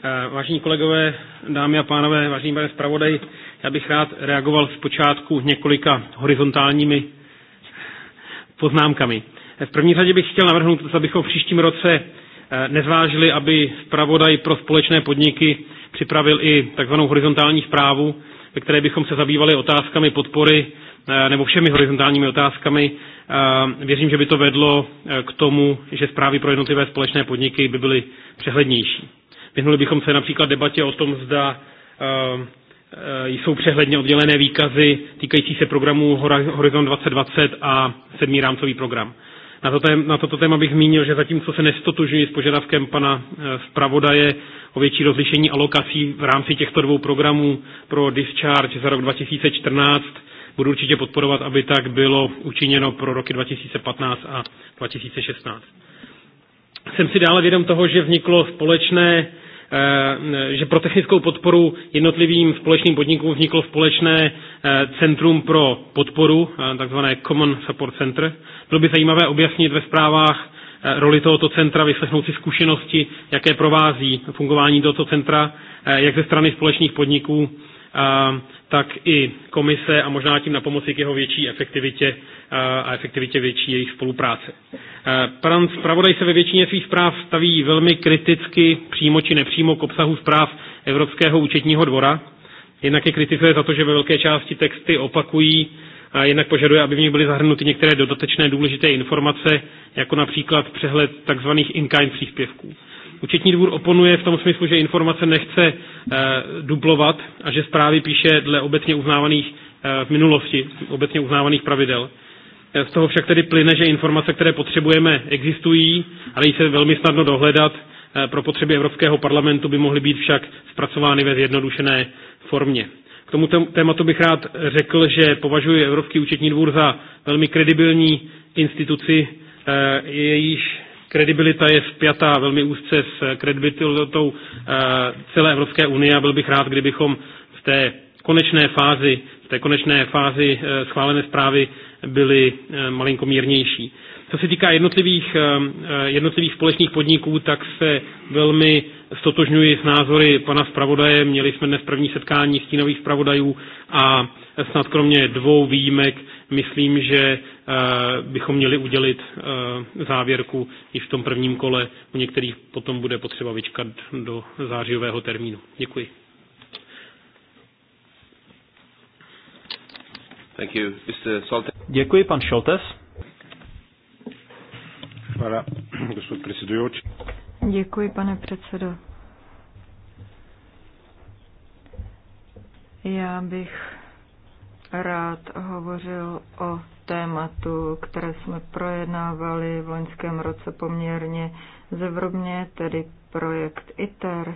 Eh, vážení kolegové, dámy a pánové, vážení pane zpravodaj, já bych rád reagoval počátku několika horizontálními poznámkami. V první řadě bych chtěl navrhnout, abychom v příštím roce eh, nezvážili, aby zpravodaj pro společné podniky připravil i takzvanou horizontální zprávu, ve které bychom se zabývali otázkami podpory eh, nebo všemi horizontálními otázkami. Eh, věřím, že by to vedlo eh, k tomu, že zprávy pro jednotlivé společné podniky by byly přehlednější. Vyhnuli bychom se například debatě o tom, zda jsou přehledně oddělené výkazy týkající se programů Horizon 2020 a sedmý rámcový program. Na toto, téma, na toto téma bych zmínil, že zatímco se nestotožuji s požadavkem pana eh, zpravodaje o větší rozlišení alokací v rámci těchto dvou programů pro discharge za rok 2014, budu určitě podporovat, aby tak bylo učiněno pro roky 2015 a 2016. Jsem si dále vědom toho, že vzniklo společné Eh, že pro technickou podporu jednotlivým společným podnikům vzniklo společné eh, centrum pro podporu, eh, takzvané Common Support Center. Bylo by zajímavé objasnit ve zprávách roli tohoto centra, vyslechnout si zkušenosti, jaké provází fungování tohoto centra, jak ze strany společných podniků tak i komise a možná tím na pomoci k jeho větší efektivitě eh, a efektivitě větší jejich spolupráce. Eh, pan zpravodaj se ve většině svých zpráv staví velmi kriticky přímo či nepřímo k obsahu zpráv Evropského účetního dvora. Jinak je kritizuje za to, že ve velké části texty opakují a jednak požaduje, aby v nich byly zahrnuty některé dodatečné důležité informace, jako například přehled tzv. in-kind příspěvků. Účetní dvůr oponuje v tom smyslu, že informace nechce e, dublovat a že zprávy píše dle obecně uznávaných e, v minulosti, obecně uznávaných pravidel. E, z toho však tedy plyne, že informace, které potřebujeme, existují ale jí se velmi snadno dohledat. E, pro potřeby Evropského parlamentu by mohly být však zpracovány ve zjednodušené formě. K tomu tématu bych rád řekl, že považuji Evropský účetní dvůr za velmi kredibilní instituci, eh, jejíž kredibilita je zpětá velmi úzce s kredibilitou eh, celé Evropské unie a byl bych rád, kdybychom v té konečné fázi, v té konečné fázi eh, schválené zprávy byli malinko mírnější. Co se týká jednotlivých, eh, eh, jednotlivých společných podniků, tak se velmi stotožňuji s názory pana zpravodaje. Měli jsme dnes první setkání stínových zpravodajů a snad kromě dvou výjimek myslím, že eh, bychom měli udělit závěrku již v tom prvním kole. U některých potom bude potřeba vyčkat do zářijového termínu. Děkuji. Thank you. Mr. Děkuji, pan Šoltes. Hvala, gospod predsedujoči. Děkuji, pane předsedo. Já bych rád hovořil o tématu, které jsme projednávali v loňském roce poměrně zevrobně, tedy projekt ITER.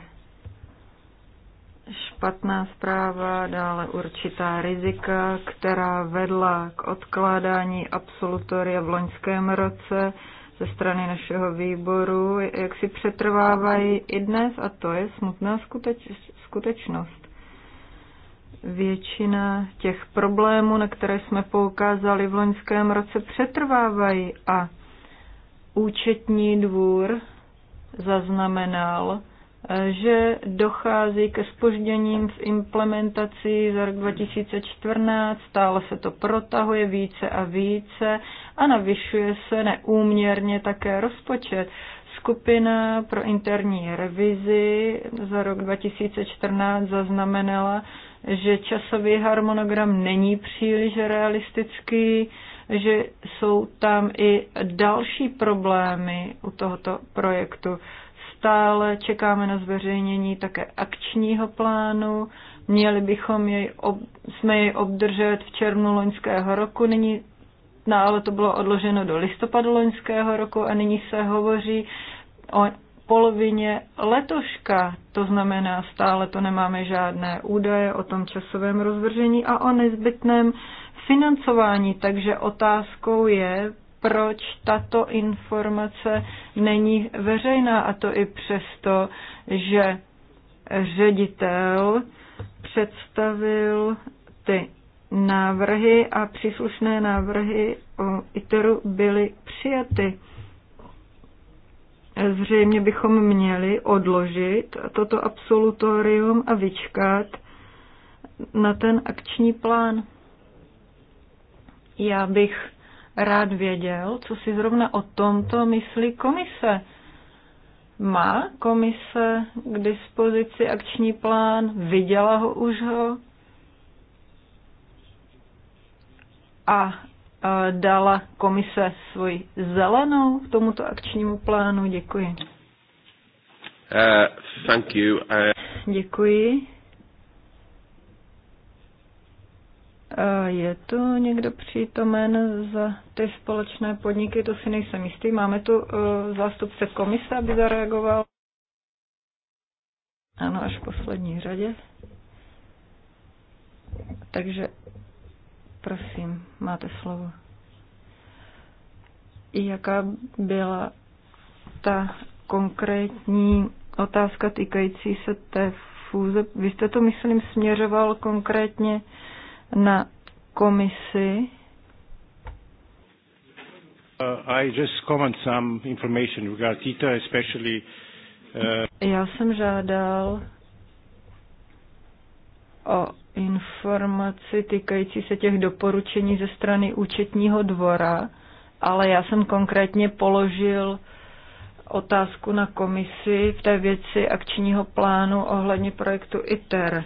Špatná zpráva, dále určitá rizika, která vedla k odkládání absolutoria v loňském roce ze strany našeho výboru, jak si přetrvávají i dnes a to je smutná skuteč, skutečnost. Většina těch problémů, na které jsme poukázali v loňském roce, přetrvávají a účetní dvůr zaznamenal, že dochází ke spožděním v implementaci za rok 2014, stále se to protahuje více a více a navyšuje se neúměrně také rozpočet. Skupina pro interní revizi za rok 2014 zaznamenala, že časový harmonogram není příliš realistický, že jsou tam i další problémy u tohoto projektu. Stále čekáme na zveřejnění také akčního plánu. Měli bychom jej, ob, jsme jej obdržet v červnu loňského roku, nyní no, ale to bylo odloženo do listopadu loňského roku a nyní se hovoří o polovině letoška. To znamená, stále to nemáme žádné údaje o tom časovém rozvržení a o nezbytném financování. Takže otázkou je, proč tato informace není veřejná a to i přesto, že ředitel představil ty návrhy a příslušné návrhy o ITERu byly přijaty. Zřejmě bychom měli odložit toto absolutorium a vyčkat na ten akční plán. Já bych rád věděl, co si zrovna o tomto myslí komise. Má komise k dispozici akční plán? Viděla ho už ho? A e, dala komise svoji zelenou k tomuto akčnímu plánu? Děkuji. Uh, thank you. Uh... Děkuji. Je tu někdo přítomen za ty společné podniky, to si nejsem jistý. Máme tu uh, zástupce komise, aby zareagoval. Ano, až v poslední řadě. Takže prosím, máte slovo. Jaká byla ta konkrétní otázka týkající se té fůze? Vy jste to, myslím, směřoval konkrétně na komisi. Uh, I just comment some information regarding ITA, especially uh... Já jsem žádal o informaci týkající se těch doporučení ze strany účetního dvora, ale já jsem konkrétně položil otázku na komisi v té věci akčního plánu ohledně projektu ITER.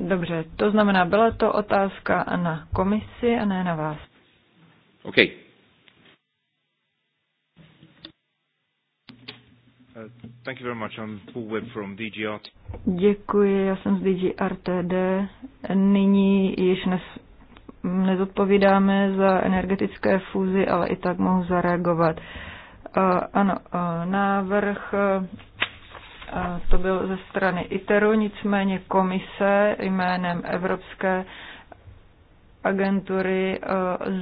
Dobře, to znamená, byla to otázka na komisi a ne na vás. OK. Uh, thank you very much. I'm from DG Děkuji, já jsem z DG RTD. Nyní již ne, nezodpovídáme za energetické fúzy, ale i tak mohu zareagovat. Uh, ano, uh, návrh uh, to byl ze strany ITERu, nicméně komise jménem Evropské agentury e,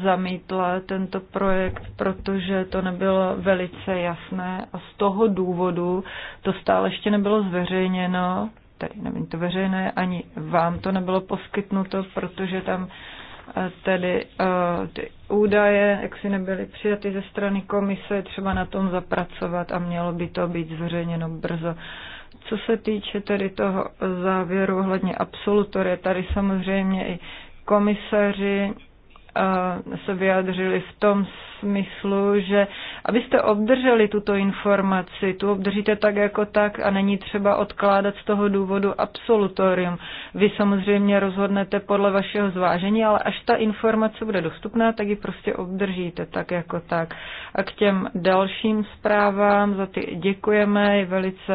zamítla tento projekt, protože to nebylo velice jasné a z toho důvodu to stále ještě nebylo zveřejněno, tedy nevím, to veřejné, ani vám to nebylo poskytnuto, protože tam tedy eh, ty údaje, jak si nebyly přijaty ze strany komise, třeba na tom zapracovat a mělo by to být zveřejněno brzo. Co se týče tedy toho závěru ohledně absolutory, tady samozřejmě i komisaři se vyjádřili v tom smyslu, že abyste obdrželi tuto informaci, tu obdržíte tak jako tak a není třeba odkládat z toho důvodu absolutorium. Vy samozřejmě rozhodnete podle vašeho zvážení, ale až ta informace bude dostupná, tak ji prostě obdržíte tak jako tak. A k těm dalším zprávám za ty děkujeme, je velice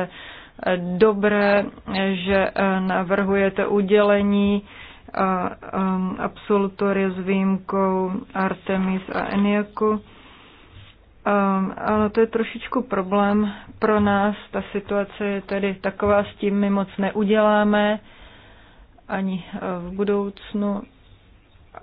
eh, dobré, eh, že eh, navrhujete udělení a um, absolutoria s výjimkou Artemis a Eniaku. Um, ano, to je trošičku problém pro nás. Ta situace je tedy taková, s tím my moc neuděláme ani uh, v budoucnu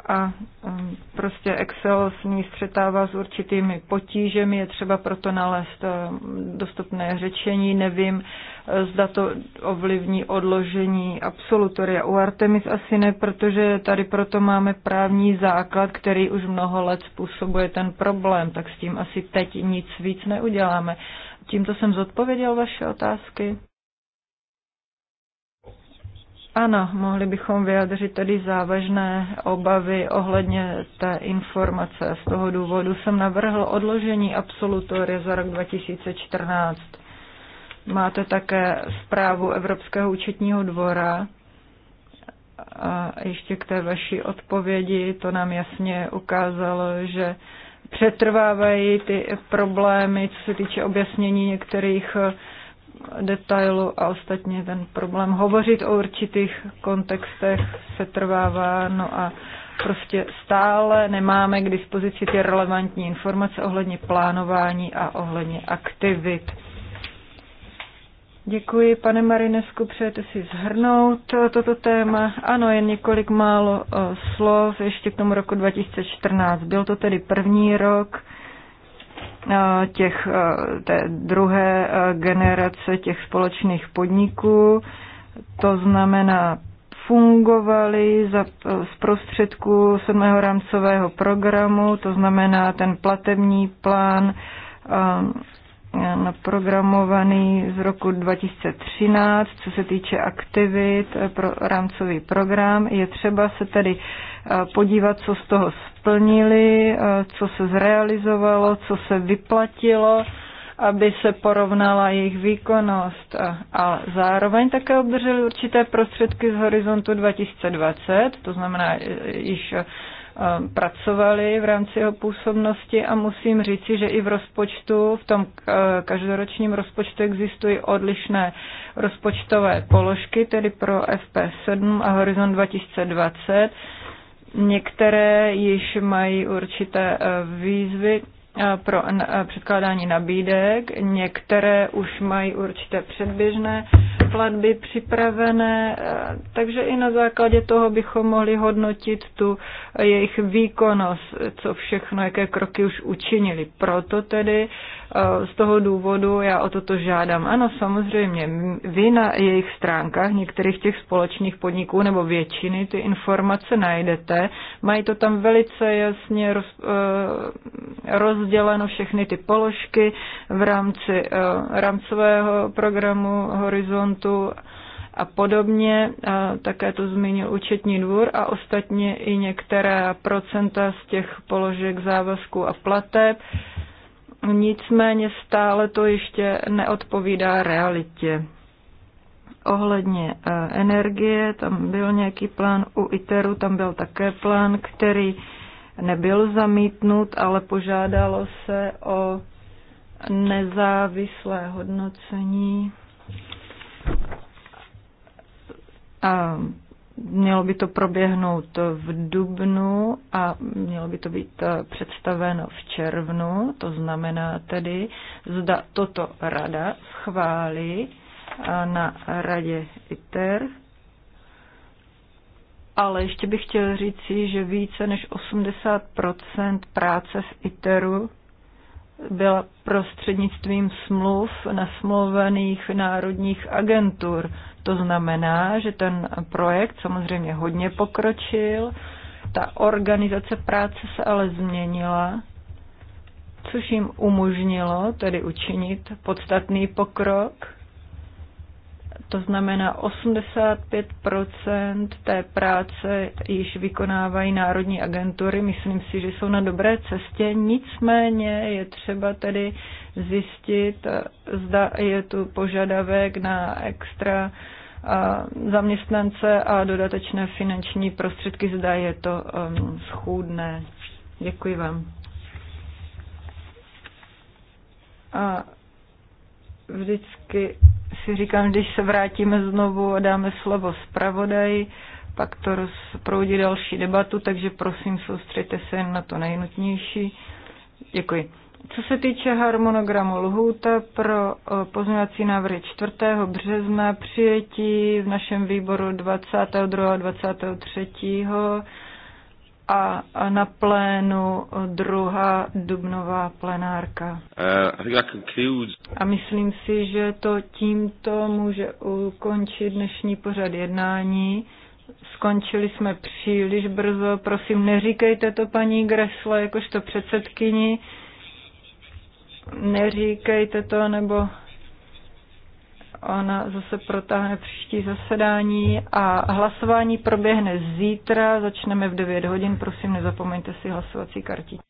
a um, prostě Excel s ní střetává s určitými potížemi, je třeba proto nalézt um, dostupné řečení, nevím, eh, zda to ovlivní odložení absolutoria u Artemis asi ne, protože tady proto máme právní základ, který už mnoho let způsobuje ten problém, tak s tím asi teď nic víc neuděláme. Tímto jsem zodpověděl vaše otázky. Ano, mohli bychom vyjadřit tedy závažné obavy ohledně té informace. Z toho důvodu jsem navrhl odložení absolutoria za rok 2014. Máte také zprávu Evropského účetního dvora. A ještě k té vaší odpovědi, to nám jasně ukázalo, že přetrvávají ty problémy, co se týče objasnění některých uh, detailu a ostatně ten problém hovořit o určitých kontextech se trvává, no a prostě stále nemáme k dispozici ty relevantní informace ohledně plánování a ohledně aktivit. Děkuji, pane Marinesku, přejete si zhrnout toto téma. Ano, jen několik málo eh, slov ještě k tomu roku 2014. Byl to tedy první rok, Eh, těch, eh, té druhé eh, generace těch společných podniků. To znamená, fungovaly za, z prostředku sedmého rámcového programu, to znamená ten platební plán naprogramovaný z roku 2013, co se týče aktivit pro rámcový program. Je třeba se tedy podívat, co z toho splnili, eh, co se zrealizovalo, co se vyplatilo, aby se porovnala jejich výkonnost. A zároveň také obdrželi určité prostředky z horizontu 2020, to znamená eh, již eh, pracovali v rámci jeho působnosti a musím říci, že i v rozpočtu, v tom každoročním rozpočtu existují odlišné rozpočtové položky, tedy pro FP7 a Horizon 2020, Některé již mají určité eh, výzvy eh, pro eh, předkládání nabídek, některé už mají určité předběžné platby připravené, takže i na základě toho bychom mohli hodnotit tu jejich výkonnost, co všechno, jaké kroky už učinili. Proto tedy Eh, z toho důvodu já o toto žádám. Ano, samozřejmě, vy na jejich stránkách některých těch společných podniků nebo většiny ty informace najdete. Mají to tam velice jasně roz, eh, rozděleno všechny ty položky v rámci eh, rámcového programu Horizontu a podobně. A také to zmínil účetní dvůr a ostatně i některé procenta z těch položek závazků a plateb. Nicméně stále to ještě neodpovídá realitě. Ohledně eh, energie, tam byl nějaký plán, u ITERu tam byl také plán, který nebyl zamítnut, ale požádalo se o nezávislé hodnocení. A Mělo by to proběhnout v dubnu a mělo by to být eh, představeno v červnu, to znamená tedy, zda toto rada schválí eh, na radě ITER. Ale ještě bych chtěl říci, že více než 80 práce v ITERu byla prostřednictvím smluv nasmluvených národních agentur to znamená, že ten projekt samozřejmě hodně pokročil, ta organizace práce se ale změnila, což jim umožnilo tedy učinit podstatný pokrok to znamená, 85 té práce již vykonávají národní agentury. Myslím si, že jsou na dobré cestě. Nicméně je třeba tedy zjistit, zda je tu požadavek na extra zaměstnance a dodatečné finanční prostředky, zda je to um, schůdné. Děkuji vám. A vždycky si říkám, když se vrátíme znovu a dáme slovo zpravodaj, pak to rozproudí další debatu, takže prosím, soustřete se jen na to nejnutnější. Děkuji. Co se týče harmonogramu lhůta pro eh, pozměňovací návrhy 4. března, přijetí v našem výboru 22. a 23 a na plénu druhá dubnová plenárka. Uh, a myslím si, že to tímto může ukončit dnešní pořad jednání. Skončili jsme příliš brzo. Prosím, neříkejte to paní Gresle jakožto předsedkyni. Neříkejte to, nebo Ona zase protáhne příští zasedání a hlasování proběhne zítra, začneme v 9 hodin, prosím nezapomeňte si hlasovací kartičky.